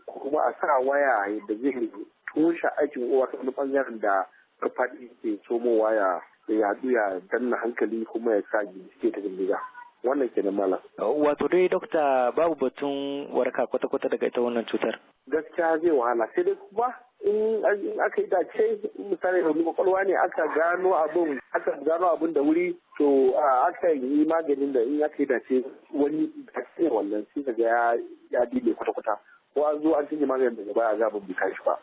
S2: ko kuma a sa waya yadda zai tushe aikin uwa ta wani bangaren da faɗi ke somowa ya ya haɗu ya danna hankali kuma ya sa bincike ta gindiga wannan kenan malam.
S3: Wato dai dokta babu batun warka kwata-kwata daga ita wannan cutar.
S2: Gaskiya zai wahala sai dai kuma in aka yi dace misali da kwakwalwa ne aka gano abin aka gano abin da wuri to aka yi maganin da in aka yi dace wani dace wannan sai daga ya dibe kwata-kwata ko an zo an cinye maganin daga baya zabin bai kai shi ba.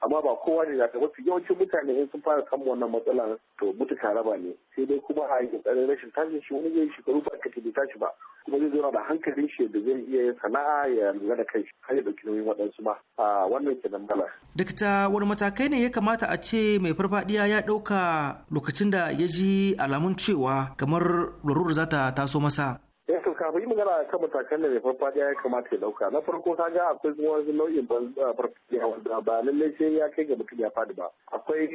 S2: amma ba kowa ne zaka mafi yawancin mutane in sun fara samun wannan matsalar. to mutu raba ne sai dai kuma a yi kokarin rashin tashin shi wani zai shekaru ba ka tafi tashi ba kuma zai zauna da hankalin shi da zai iya sana'a ya lura da kai har ya dauki nauyin waɗansu ma a wannan kenan bala.
S3: dakta wani matakai ne ya kamata a ce mai farfadiya ya ɗauka lokacin da ya ji alamun cewa kamar lurur za ta taso masa.
S2: yan eh, to kafin yi magana kan matakan da mai farfadiya ya kamata ya dauka na farko ka ga akwai wasu nau'in ah, farfadiya wanda ba lalle sai ya kai ga mutum ya fadi ba akwai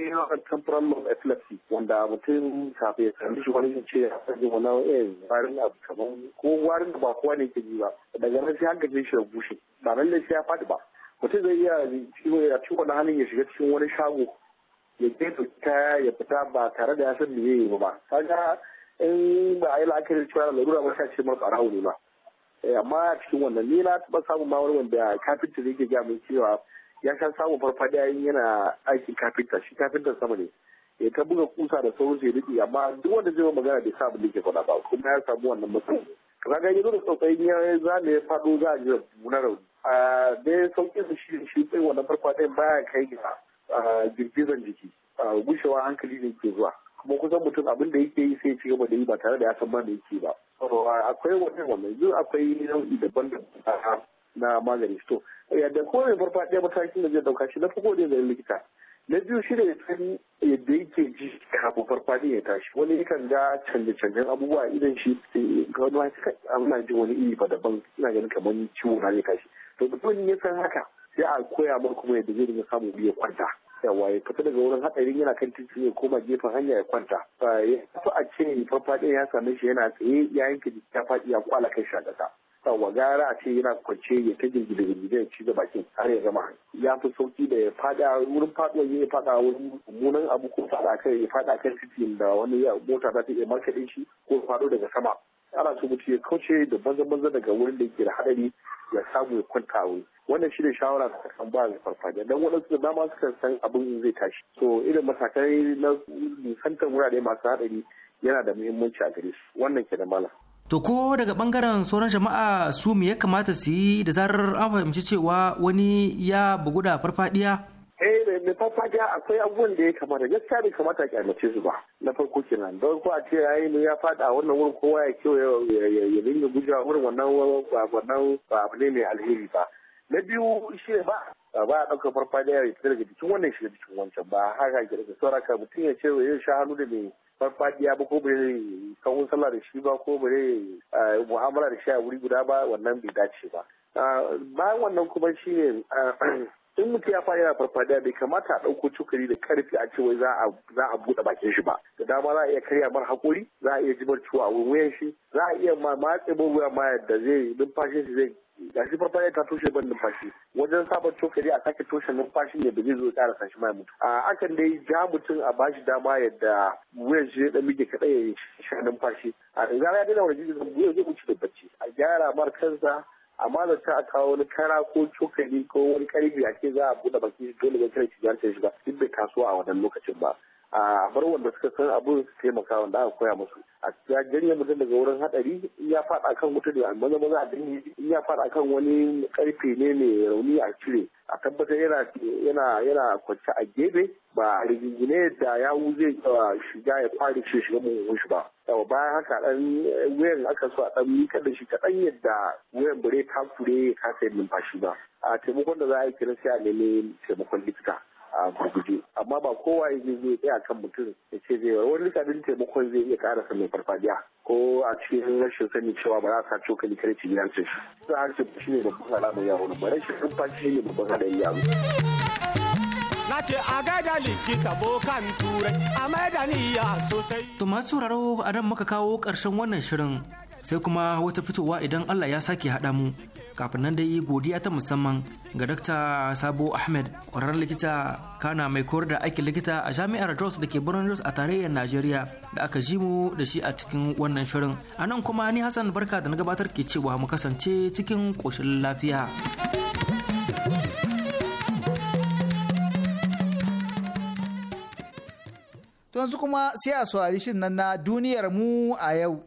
S2: temporal lobe epilepsy wanda mutum kafin ya sami shi wani ce ya sami wani irin farin abu kamar ko warin da ba kowa ne ke ji ba daga nan sai hankali shi ya bushe ba lalle sai ya fadi ba mutum zai iya ya ci wani halin ya shiga cikin wani shago ya je kaya ya fita ba tare da ya san me ya yi ba ga in ba a yi la'akari cewa larura ba ta ce a barawo ne ba eh, amma a cikin wannan ni na taɓa samun ma wani wanda kafinta zai ke gaya cewa ya sha samun farfadiya yana aikin kafinta shi kafinta sama ne ya ta buga kusa da sauran zai riƙe amma duk wanda zai magana bai sa abin da ke faɗa ba kuma ya samu wannan matsayi kaga ga yanzu da tsautsayin ya ne ya faɗo za a ji na rauni a ya sauƙin su shi shi tsaye wannan farfadiyan baya kai ga girgizan jiki gushewa hankali ne ke zuwa kuma kusan mutum abin da yake yi sai ci gaba da yi ba tare da ya san ma da yake ba akwai wannan wannan yanzu akwai nau'i daban da na magani to yadda kowane farfaɗiya matakin da zai dauka shi na farko ne zai likita na biyu shi da san yadda yake ji kafin farfaɗi ya tashi wani yakan ga canje-canjen abubuwa idan shi ga wani haka ana jin wani iri ba daban ina ganin kamar ciwo na ne kashi to mutum ya san haka sai a koya mar kuma yadda zai dinga samun biya kwanta yawa ya fita daga wurin hadarin yana kan titi ya koma gefen hanya ya kwanta ya a ce farfaɗe ya same shi yana tsaye ya yanke jiki ya faɗi ya kwala kai shi a ƙasa wa gara a ce yana kwance ya ta girgida girgida ya ci da bakin har ya zama ya fi sauki da ya faɗa wurin faɗuwa ya faɗa wurin mummunan abu ko faɗa kai ya faɗa kan titi. da wani mota za ta iya markaɗe shi ko faɗo daga sama ana so mutum ya kauce da banza banza daga wurin da yake da hadari ya samu ya kwanta a wuri wannan shi ne shawara da kan ba da farfajiya dan waɗansu da dama suka san abin zai tashi so irin matakai na nisantar wurare masu hadari yana da muhimmanci a gare su wannan ke da mala.
S3: To ko daga bangaren sauran jama'a su me ya kamata su yi da zarar an fahimci cewa wani ya bugu da farfadiya
S2: eh mai farfajiya akwai abubuwan da ya kamata gaskiya bai kamata ki amince su ba na farko kenan don ko a ce yayi ne ya fada wannan wurin kowa ya kewa ya ya dinga gujewa wurin wannan wannan ba abu ne mai alheri ba na biyu shi ba ba a ɗaukar farfajiya ya fita daga cikin wannan shiga cikin wancan ba haka ke daga ka mutum ya ce ya sha hannu da mai farfajiya ba ko bai kawun sallah da shi ba ko bai mu'amala da shi a wuri guda ba wannan bai dace ba bayan wannan kuma shi ne in mutum ya fara yana farfadiya bai kamata a ɗauko cokali da karfi a cewa za a za buɗe bakin shi ba da dama za a iya karya mar hakori za a iya jibar ciwo a wuyan shi za a iya ma matse wuya ma yadda zai numfashin shi zai shi farfadiya ta toshe ban numfashi wajen sabon cokali a sake toshe numfashi ne da zai zo ƙara sashi ma mutu a akan dai ja mutum a bashi dama yadda wuyan shi da mike kaɗai ya sha numfashi a gara ya daina wani jirgin zai wuce da bacci a gyara mar kansa amma da ta kawo wani kara ko cokali ko wani karfi a ce za a buɗe baki dole ba kira shiga ta shiga duk bai kasuwa a wannan lokacin ba a bar wanda suka san da su taimaka wanda aka koya musu a ya janye mutum daga wurin hadari in ya fada kan wuta da maza maza a dinne in ya fada kan wani karfe ne mai rauni a cire a tabbatar yana yana yana kwance a gefe ba rigingine da yawu zai shiga ya fara ce shiga mun shi ba yawa bayan haka dan wayan aka so a dan mika da shi kaɗan yadda wayan bare ta fure ka sai numfashi ba a taimakon da za a yi kiran sai a nemi taimakon likita a gurguje amma ba kowa ya zai tsaya kan mutum ya ce zai wani lissafin taimakon zai iya kara mai farfadiya ko a cikin rashin sani cewa ba za a sa cokali kare ci gidan cin za a ce shi ne babban ya yawon ba rashin numfashi shi ne babban alamar ya na ce a gaida likita bokan turai a
S3: maida niyya sosai. to masu sauraro a nan muka kawo ƙarshen wannan shirin sai kuma wata fitowa idan Allah ya sake haɗa mu kafin nan dai godiya ta musamman ga Dr. Sabo Ahmed ƙwararren likita kana mai koyar da aikin likita a jami'ar Jos da ke birnin Jos a tarayyar Najeriya da aka ji mu da shi a cikin wannan shirin. A nan kuma ni Hassan Barka da na gabatar ke cewa mu kasance cikin ƙoshin lafiya.
S1: To
S4: yanzu kuma sai a saurari shin nan na duniyar mu a yau.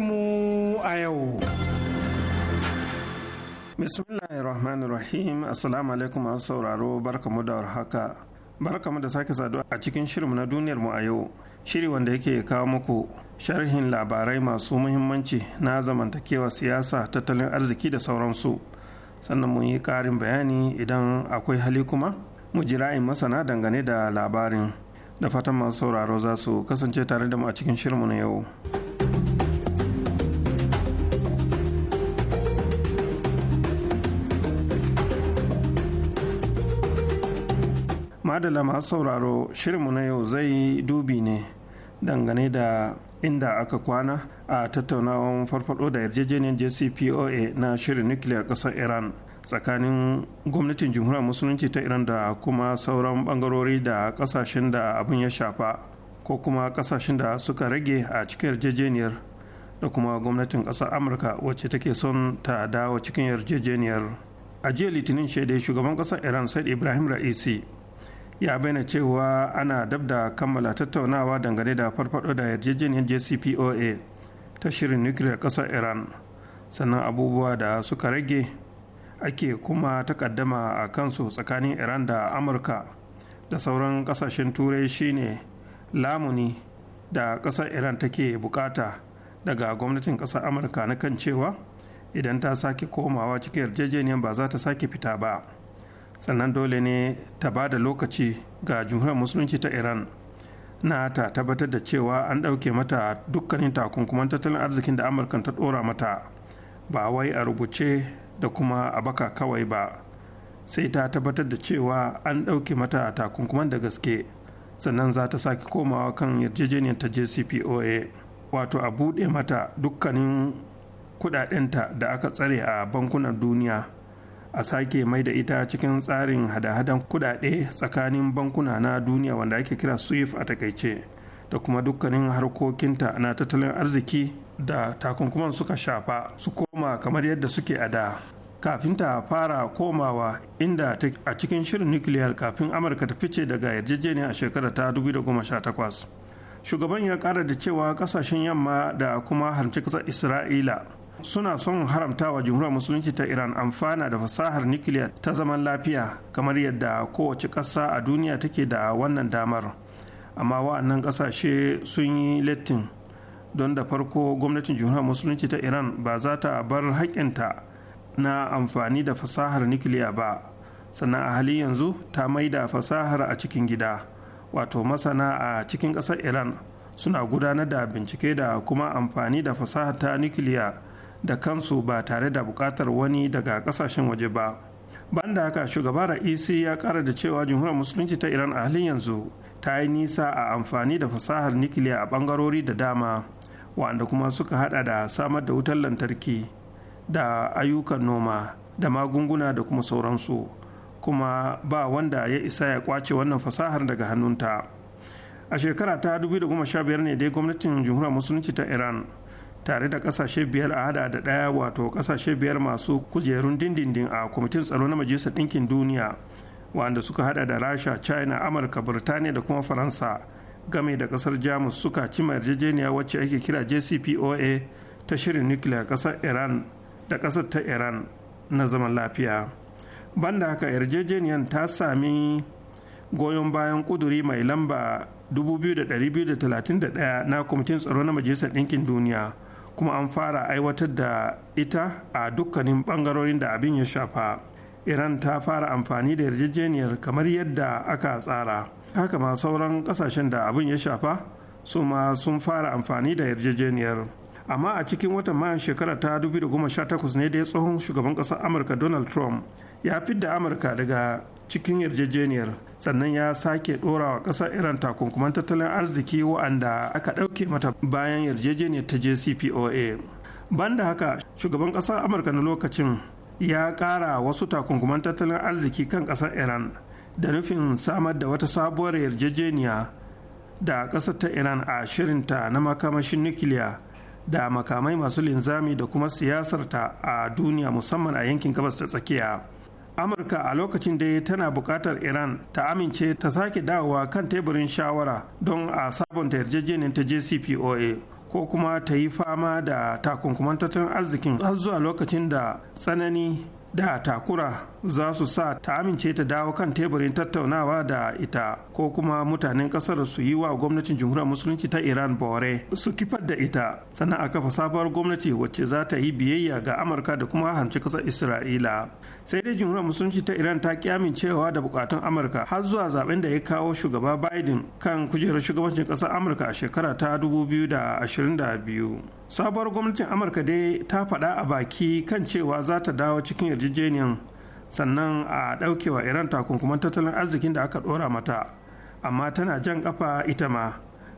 S6: mu a yau. rahim Assalamu alaikum masu sauraro barkamu da warhaka. Barkamu da sake saduwa a cikin shirinmu na duniyar mu a yau. Shiri wanda yake kawo muku sharhin labarai masu muhimmanci na zamantakewa siyasa, tattalin arziki da sauransu. Sannan mun yi karin bayani idan akwai hali kuma mu in masana dangane da labarin. Da fatan masu sauraro za su kasance tare da mu a cikin shirinmu na yau. adala masu sauraro shirinmu na yau zai dubi ne dangane da inda aka kwana a tattaunawan farfado da yarjejeniyar jcpoa na shirin nukiliya kasar iran tsakanin gwamnatin jamhuriyar musulunci ta iran da kuma sauran bangarori da kasashen da abin ya shafa ko kuma kasashen da suka rage a cikin yarjejeniyar da kuma gwamnatin ƙasar amurka wacce take son ta dawo cikin yarjejeniyar a jiya litinin shaidai shugaban ƙasar iran said ibrahim ra'isi ya bayyana cewa ana dab da kammala tattaunawa dangane da farfado da yarjejeniyar jcpoa ta shirin nukiliyar ƙasar iran sannan abubuwa da suka rage ake kuma takaddama a kansu tsakanin iran da amurka da sauran kasashen turai shine lamuni da ƙasar iran take bukata daga gwamnatin ƙasar amurka na kan cewa idan ta sake komawa cikin yarjejeniyar ba za ta sake fita ba. sannan dole ne ta ba da lokaci ga jumhuriyar musulunci ta iran na ta tabbatar da cewa an ɗauke mata dukkanin takunkuman tattalin arzikin da Amurka ta ɗora mata ba wai a rubuce da kuma a baka kawai ba sai ta tabbatar da cewa an ɗauke mata takunkuman da gaske sannan za ta sake komawa kan yarjejeniyar ta jcpoa wato a buɗe mata dukkanin kudadenta da aka tsare a bankunan duniya a sake mai da ita cikin tsarin hada-hadan kudade tsakanin bankuna na duniya wanda ake kira swift a takaice da kuma dukkanin harkokinta na tattalin arziki da takunkuman suka shafa su koma kamar yadda suke a da kafin ta fara komawa inda a cikin shirin nukiliyar kafin amurka ta fice daga yarjejeniya a shekarar ta 2018 shugaban ya kara da cewa kasashen yamma da kuma harci kasar isra'ila suna son haramta wa jumhuriyar musulunci ta iran amfana da fasahar nukiliya ta zaman lafiya kamar yadda kowace ƙasa a duniya take da wannan damar amma wa'annan ƙasashe sun yi latin don da farko gwamnatin jumhuriyar musulunci ta iran ba za ta bar haƙƙinta na amfani da fasahar nukiliya ba sannan a hali yanzu ta mai da fasahar a cikin gida wato masana a cikin ƙasar iran suna gudanar da bincike da kuma amfani da fasahar ta nukiliya da kansu ba tare da buƙatar wani daga kasashen waje ba banda haka shugaba ra'isi ya kara da cewa jamhuriyar musulunci ta iran a halin yanzu ta yi nisa a amfani da fasahar nikiliya a bangarori da dama wanda kuma suka hada da samar da wutar lantarki da ayyukan noma da magunguna da kuma sauransu kuma ba wanda ya isa ya kwace wannan fasahar daga hannunta a shekara ta 2015 ne dai gwamnatin jamhuriyar musulunci ta iran tare da kasashe biyar a hada da daya wato kasashe biyar masu kujerun dindindin a kwamitin tsaro na majalisar ɗinkin duniya wanda suka hada da rasha china amurka birtaniya da kuma faransa game da kasar jamus suka cima yarjejeniya wacce ake kira jcpoa ta shirin nukiliya kasar iran da kasar ta iran na zaman lafiya banda haka yarjejeniyan ta sami goyon bayan kuduri mai lamba 2231 na kwamitin tsaro na majalisar ɗinkin duniya kuma an fara aiwatar da ita a dukkanin bangarorin da abin ya shafa iran ta fara amfani da yarjejeniyar kamar yadda aka tsara haka ma sauran kasashen da abin ya shafa su ma sun fara amfani da yarjejeniyar amma a cikin watan mayan shekara ta 2018 ne dai tsohon shugaban ƙasar amurka donald trump ya fidda amurka daga cikin yarjejeniyar sannan ya sake dora wa ƙasar iran takunkuman tattalin arziki wa'anda aka dauke mata bayan yarjejeniyar ta jcpoa banda haka shugaban kasar amurka na lokacin ya kara wasu takunkuman tattalin arziki kan kasar iran da nufin samar da wata sabuwar yarjejeniya da ƙasar ta iran a shirinta na makamashin nukiliya da makamai masu linzami da kuma siyasarta a duniya musamman a yankin gabas ta tsakiya amurka a lokacin da tana buƙatar iran ta amince ta sake dawowa kan teburin shawara don a sabonta yarjejeniyar ta jcpoa ko kuma ta yi fama da takunkuman arzikin har zuwa lokacin da tsanani da takura za su sa ta amince ta dawo kan teburin tattaunawa da ita ko kuma mutanen kasar su yi wa gwamnatin jamhuriyar musulunci ta iran bore su kifar da ita sannan a kafa sabuwar gwamnati wacce za ta yi biyayya ga amurka da kuma hanci kasar isra'ila sai dai jamhuriyar musulunci ta iran ta ki amincewa da bukatun amurka har zuwa zaben da ya kawo shugaba biden kan kujerar shugabancin kasar amurka a shekara ta 2022 sabuwar gwamnatin amurka dai ta faɗa a baki kan cewa za ta dawo cikin yarjejeniyar sannan a ɗaukewa iran takunkuman tattalin arzikin da aka ɗora mata amma tana jan kafa ita ma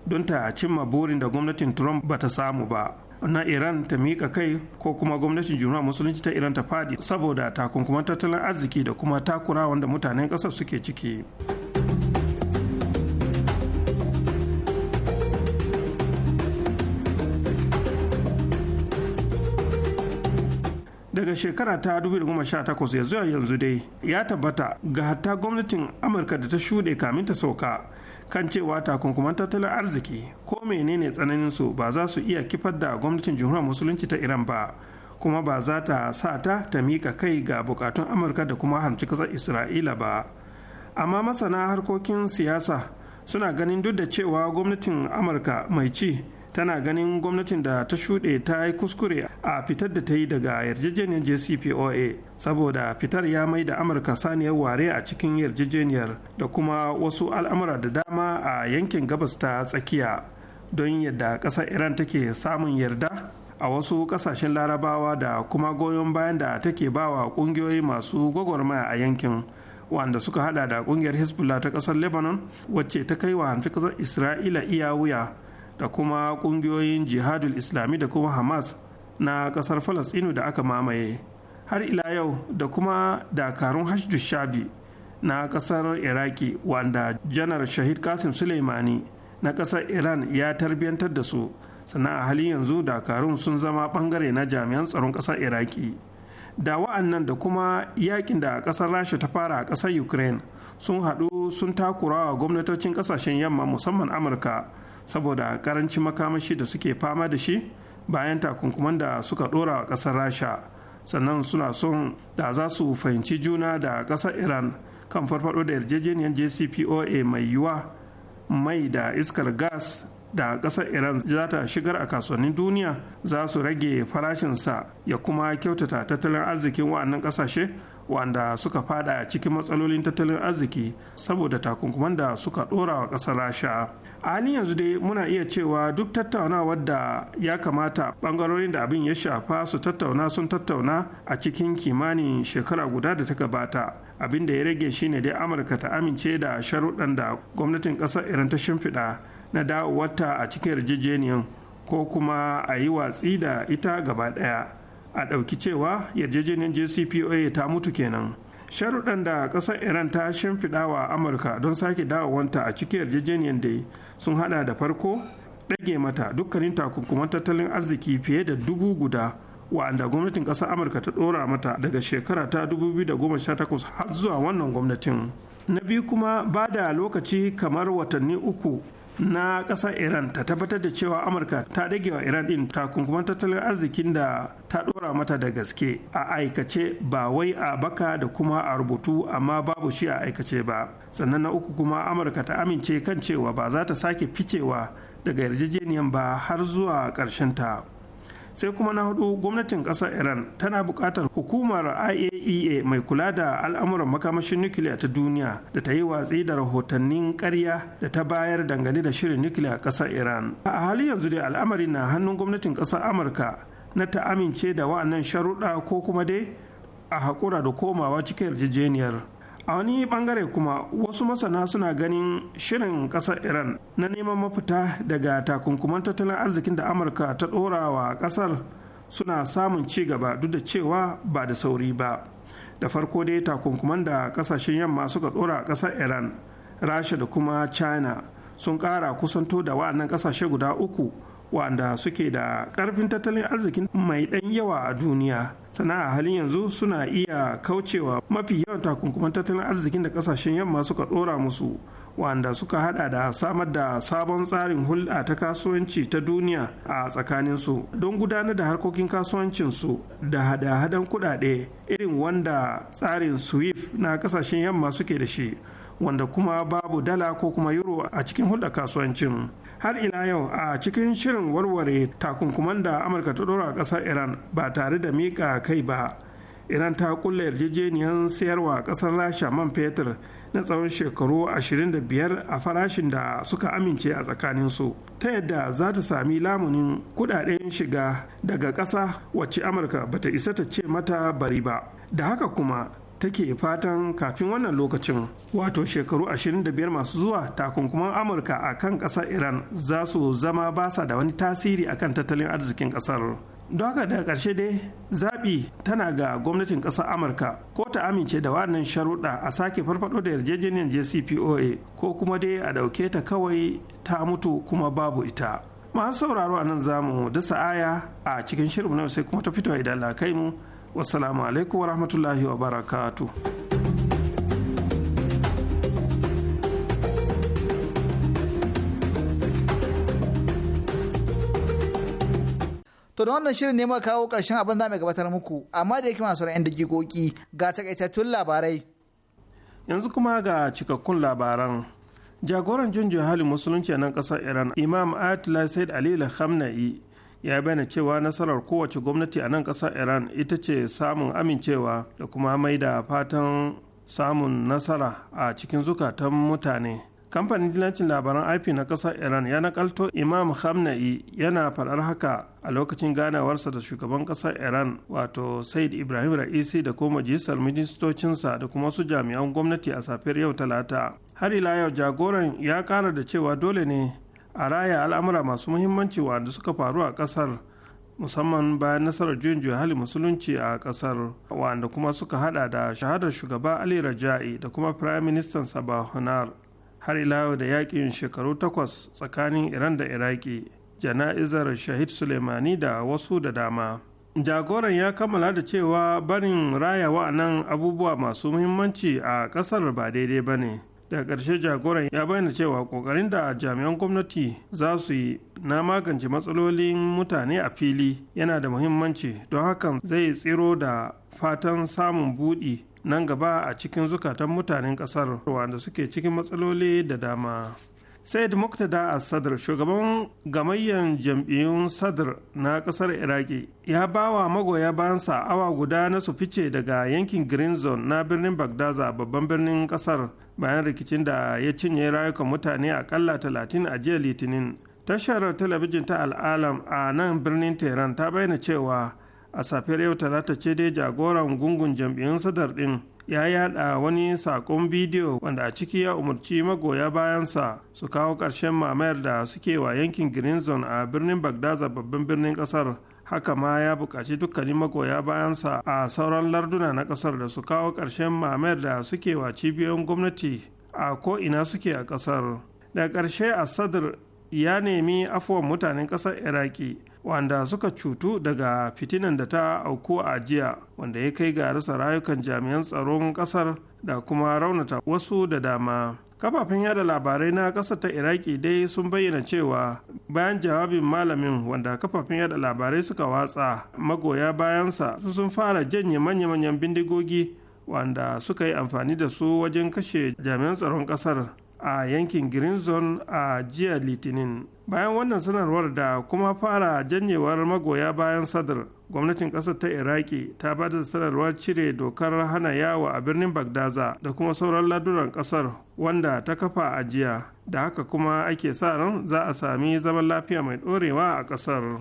S6: don ta cimma burin da gwamnatin trump ba ta samu ba na iran ta miƙa kai ko kuma gwamnatin juna musulunci ta iran ta faɗi saboda takunkuman tattalin arziki da kuma takura wanda mutanen ƙasar suke ciki. daga shekara ta 2018 ya zuwa yanzu dai ya tabbata ga hatta gwamnatin amurka da ta shuɗe kamin ta sauka kan cewa takunkuman tattalin arziki ko menene tsananin su ba za su iya kifar da gwamnatin jamhuriyar musulunci ta iran ba kuma ba za ta sa ta ta mika kai ga bukatun amurka da kuma harci kasar isra'ila ba amma masana harkokin siyasa suna ganin duk da cewa gwamnatin amurka mai ci tana ganin gwamnatin da ta shuɗe ta yi kuskure a fitar da ta yi daga yarjejeniyar jcpoa saboda fitar ya mai da amurka saniyar ware a cikin yarjejeniyar da kuma wasu al'amura da dama a yankin gabas ta tsakiya don yadda ƙasar iran take samun yarda a wasu ƙasashen larabawa da kuma goyon bayan da take bawa ƙungiyoyi masu gwagwarmaya a yankin wanda suka hada da ƙungiyar hezbollah ta ƙasar lebanon wacce ta kai wa hanfi ƙasar isra'ila iya wuya da kuma kungiyoyin jihadul islami da kuma hamas na kasar falasinu da aka mamaye har ila yau da kuma dakarun hajjus shabi na kasar iraki wanda janar shahid kasim suleimani na kasar iran ya tarbiyantar da su sannan a halin yanzu dakarun sun zama bangare na jami'an tsaron kasar iraki da wa'annan da kuma yakin da kasar rasha ta fara a kasar ukraine sun haɗu sun takurawa gwamnatocin kasashen yamma musamman amurka saboda karancin makamashi da suke fama da shi bayan takunkuman da suka dora wa kasar rasha sannan suna son da za su fahimci juna da kasar iran kan farfado da yarjejeniyar jcpoa mai yiwuwa mai da iskar gas da kasar iran za ta shigar a kasuwannin duniya za su rage farashinsa ya kuma kyautata tattalin arzikin wa'annan kasashe wanda suka fada cikin matsalolin tattalin arziki saboda takunkuman da suka dora wa kasar rasha a halin yanzu dai muna iya cewa duk tattaunawar da ya kamata bangarorin da abin ya shafa su tattauna sun tattauna a cikin kimanin shekara guda da ta gabata abin da ya rage shine dai amurka ta amince da sharuɗan da gwamnatin ƙasar iran ta shimfiɗa na dawowarta a cikin yarjejeniyan ko kuma a yi watsi da ita gaba ɗaya a ɗauki cewa yarjejeniyar jcpoa ta mutu kenan sharuɗan da ƙasar iran ta shimfiɗa wa amurka don sake dawowanta a cikin yarjejeniyar da sun haɗa da farko ɗage mata dukkanin takunkuman tattalin arziki fiye da dubu guda wa'anda gwamnatin ƙasar amurka ta ɗora mata daga shekara ta takwas, har zuwa wannan gwamnatin na biyu kuma ba da lokaci kamar watanni uku na ƙasar iran ta tabbatar da cewa amurka ta ɗage wa iran ɗin takunkuman tattalin arzikin da ta ɗora mata da gaske a aikace ba wai a baka da kuma a rubutu amma babu shi a aikace ba sannan na uku kuma amurka ta amince kan cewa ba za ta sake ficewa daga yarjejeniyar ba har zuwa ƙarshen ta sai kuma na hudu gwamnatin kasar iran tana buƙatar hukumar iaea e mai kula da al'amuran makamashin nukiliya ta duniya da ta yi watsi da rahotannin karya da ta bayar dangane da shirin nukiliya kasar iran a halin yanzu dai al'amari na hannun gwamnatin kasar amurka na ta amince da wa'annan sharuɗa ko kuma dai a haƙura da komawa cikin yarjejeniyar a wani bangare kuma wasu masana suna ganin shirin kasar iran na neman mafita daga takunkuman tattalin arzikin da amurka ta dora wa kasar suna samun ci gaba duk da cewa ba da sauri ba da farko dai takunkuman da kasashen yamma suka dora kasar iran rasha da kuma china sun kara kusanto da wa'annan kasashe guda uku wanda suke da ƙarfin tattalin arzikin mai ɗan yawa a duniya sana'a halin yanzu suna iya kaucewa mafi yawan takunkuman tattalin arzikin da kasashen yamma suka ɗora musu wanda suka hada da samar da sabon tsarin hulɗa ta kasuwanci ta duniya a tsakaninsu don gudanar da harkokin kasuwancinsu da hada-hadan kuɗaɗe irin wanda tsarin swift na ƙasashen yamma suke da shi wanda kuma babu dala ko kuma euro a cikin hulɗa kasuwancin har ina yau a cikin shirin warware takunkuman da amurka ta ɗora a ƙasar iran ba tare da miƙa kai ba iran ta ƙulla yarjejeniyar sayarwa ƙasar rasha man fetur na tsawon shekaru 25 a farashin da suka amince a tsakanin su ta yadda za ta sami lamunin kudaden shiga daga ƙasa wacce amurka bata isa ta ce mata bari ba da haka kuma take fatan kafin wannan lokacin wato shekaru 25 masu zuwa takunkuman amurka a kan ƙasar iran za su zama basa da wani tasiri akan tattalin arzikin ƙasar don haka daga ƙarshe dai zaɓi tana ga gwamnatin ƙasar amurka ko ta amince da wannan sharuɗa a sake farfaɗo da yarjejeniyar jcpoa ko kuma dai a ɗauke ta kawai ta mutu kuma babu ita masu sauraro a nan zamu dasa sa'aya a cikin shirin na sai kuma ta fito idan la kai mu Wasalamu alaikum wa rahmatullahi wa
S4: To da wannan shirin ne muka kawo karshen abin za mu gabatar muku, amma da yake masu ra'ayin dagigoki ga takaitattun labarai.
S6: Yanzu kuma ga cikakkun labaran. Jagoran junjin halin musulunci a nan kasar Iran, Imam Ayatollah Said Ali Khamenei ya bayyana cewa nasarar kowace gwamnati a nan ƙasar iran ita ce samun amincewa da kuma mai da fatan samun nasara a cikin zukatan mutane kamfanin dillancin labaran ip na ƙasar iran ya nakalto imam hamna'i yana faɗar haka a lokacin ganawarsa da shugaban ƙasar iran wato said ibrahim ra'isi da kuma majalisar ministocinsa da kuma wasu jami'an gwamnati a safiyar yau talata har ila yau jagoran ya ƙara da cewa dole ne a raya al'amura masu muhimmanci wanda suka faru a ƙasar musamman bayan nasarar juyin juya hali musulunci a ƙasar wanda kuma suka hada da shahadar shugaba ali raja'i da kuma firayim ministan sabahunar har ila da yakin shekaru takwas tsakanin iran da iraki jana'izar shahid suleimani da wasu da dama jagoran ya kammala da cewa barin raya nan abubuwa masu muhimmanci a kasar ba daidai ba ne daga ƙarshe jagoran ya bayyana cewa ƙoƙarin da jami'an gwamnati za su yi na magance matsalolin mutane a fili yana da muhimmanci don hakan zai tsiro da fatan samun buɗi nan gaba a cikin zukatan mutanen ƙasar wanda suke cikin matsaloli da dama. said muktada a sadr shugaban gamayyar jam'iyyun sadr na kasar iraki ya ba wa magoya bansa awa guda na su fice daga yankin green zone na birnin bagdaza babban birnin kasar bayan rikicin da ya cinye rayukan mutane akalla 30 a jiya litinin tashar talabijin ta al'alam a nan birnin tehran ta bayyana cewa a safiyar yau talata ce dai jagoran gungun jam'iyyun sadar din ya yada wani sakon bidiyo wanda a ciki ya umarci magoya bayansa su kawo ƙarshen mamayar da suke wa yankin green zone a birnin bagdaza babban birnin ƙasar haka ma ya buƙaci dukkanin magoya bayansa a sauran larduna na ƙasar da su kawo ƙarshen mamayar da suke wa cibiyoyin gwamnati a ko'ina suke a ƙasar da ƙarshe a sadr ya nemi afuwan mutanen ƙasar iraki wanda suka cutu daga fitinan da ta auku a jiya wanda ya kai ga rasa rayukan jami'an tsaron kasar da kuma raunata wasu da dama kafafen yada labarai na kasa ta iraki dai sun bayyana cewa bayan jawabin malamin wanda kafafen yada labarai suka watsa magoya bayansa su sun fara janye manya-manyan bindigogi wanda suka yi amfani da su wajen kashe jami'an tsaron kasar. a yankin green zone a jiya litinin bayan wannan sanarwar da kuma fara janyewar magoya bayan sadar gwamnatin ƙasar ta iraki ta ba da sanarwar cire dokar hana yawo a birnin bagdaza da kuma sauran ladunan kasar wanda ta kafa a jiya da haka kuma ake sa ran za a sami zaman lafiya mai dorewa a kasar.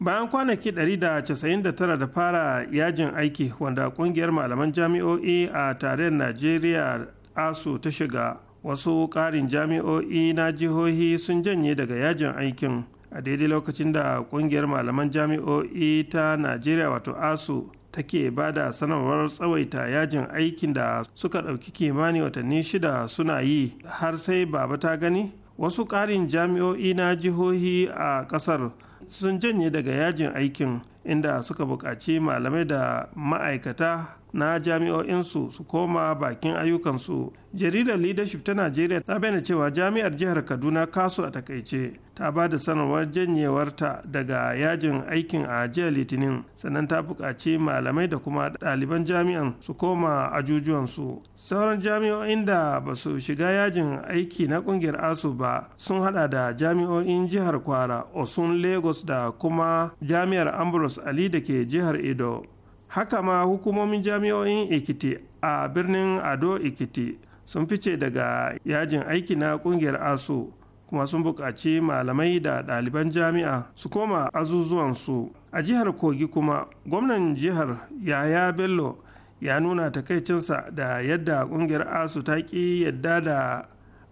S6: bayan kwanaki 199 da fara yajin aiki wanda ƙungiyar malaman jami'o'i a tarayyar najeriya asu ta shiga wasu ƙarin jami'o'i na jihohi sun janye daga yajin aikin a daidai lokacin da ƙungiyar malaman jami'o'i ta najeriya wato asu take ba da sanarwar tsawaita yajin aikin da suka ɗauki kimani watanni shida suna yi har sai baba ta gani wasu ƙarin jami'o'i na jihohi a ƙasar sun janye daga yajin aikin inda suka buƙaci malamai da ma'aikata na jami'o'insu su koma bakin ayyukansu jaridar leadership ta najeriya ta bayyana cewa jami'ar jihar kaduna kasu a takaice ta ba da sanarwar janyewarta daga yajin aikin a jiya litinin sannan ta buƙaci malamai da kuma ɗaliban jami'an su koma ajujuwansu sauran jami'o'in da ba su shiga yajin aiki na ƙungiyar asu ba sun hada da jami'o'in jihar kwara osun lagos da kuma jami'ar ambrose ali da ke jihar edo haka ma hukumomin jami'o'in ikiti a birnin ado ikiti sun fice daga yajin aiki na kungiyar aso kuma sun buƙaci malamai da ɗaliban jami'a su koma azuzuwansu a jihar kogi kuma gwamnan jihar yaya bello ya nuna takaicinsa da yadda kungiyar asu ta ƙi yadda da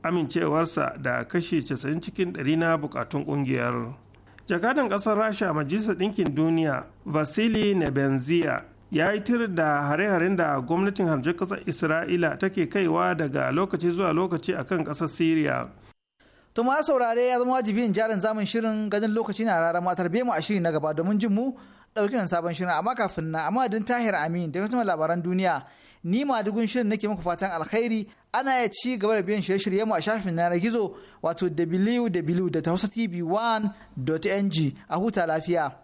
S6: amincewarsa da kashe 90 cikin 100 na bukatun kungiyar. jakadan kasar rasha majalisar ɗinkin duniya vasili nebenziya ya yi tir da hare-haren da gwamnatin hamshin kasar isra'ila take kaiwa daga lokaci zuwa lokaci akan kasar
S4: syria to ma saurare ya zama wajibin jarin zamun shirin ganin lokaci na rara matar bemu a shiri na gaba domin jin mu ɗauki nan sabon shirin amma kafin na amma din tahir amin da kuma labaran duniya ni ma dugun shirin nake muku fatan alkhairi ana ya ci gaba da biyan shirye-shirye mu a shafin yanar gizo wato www.hausatv1.ng a huta lafiya.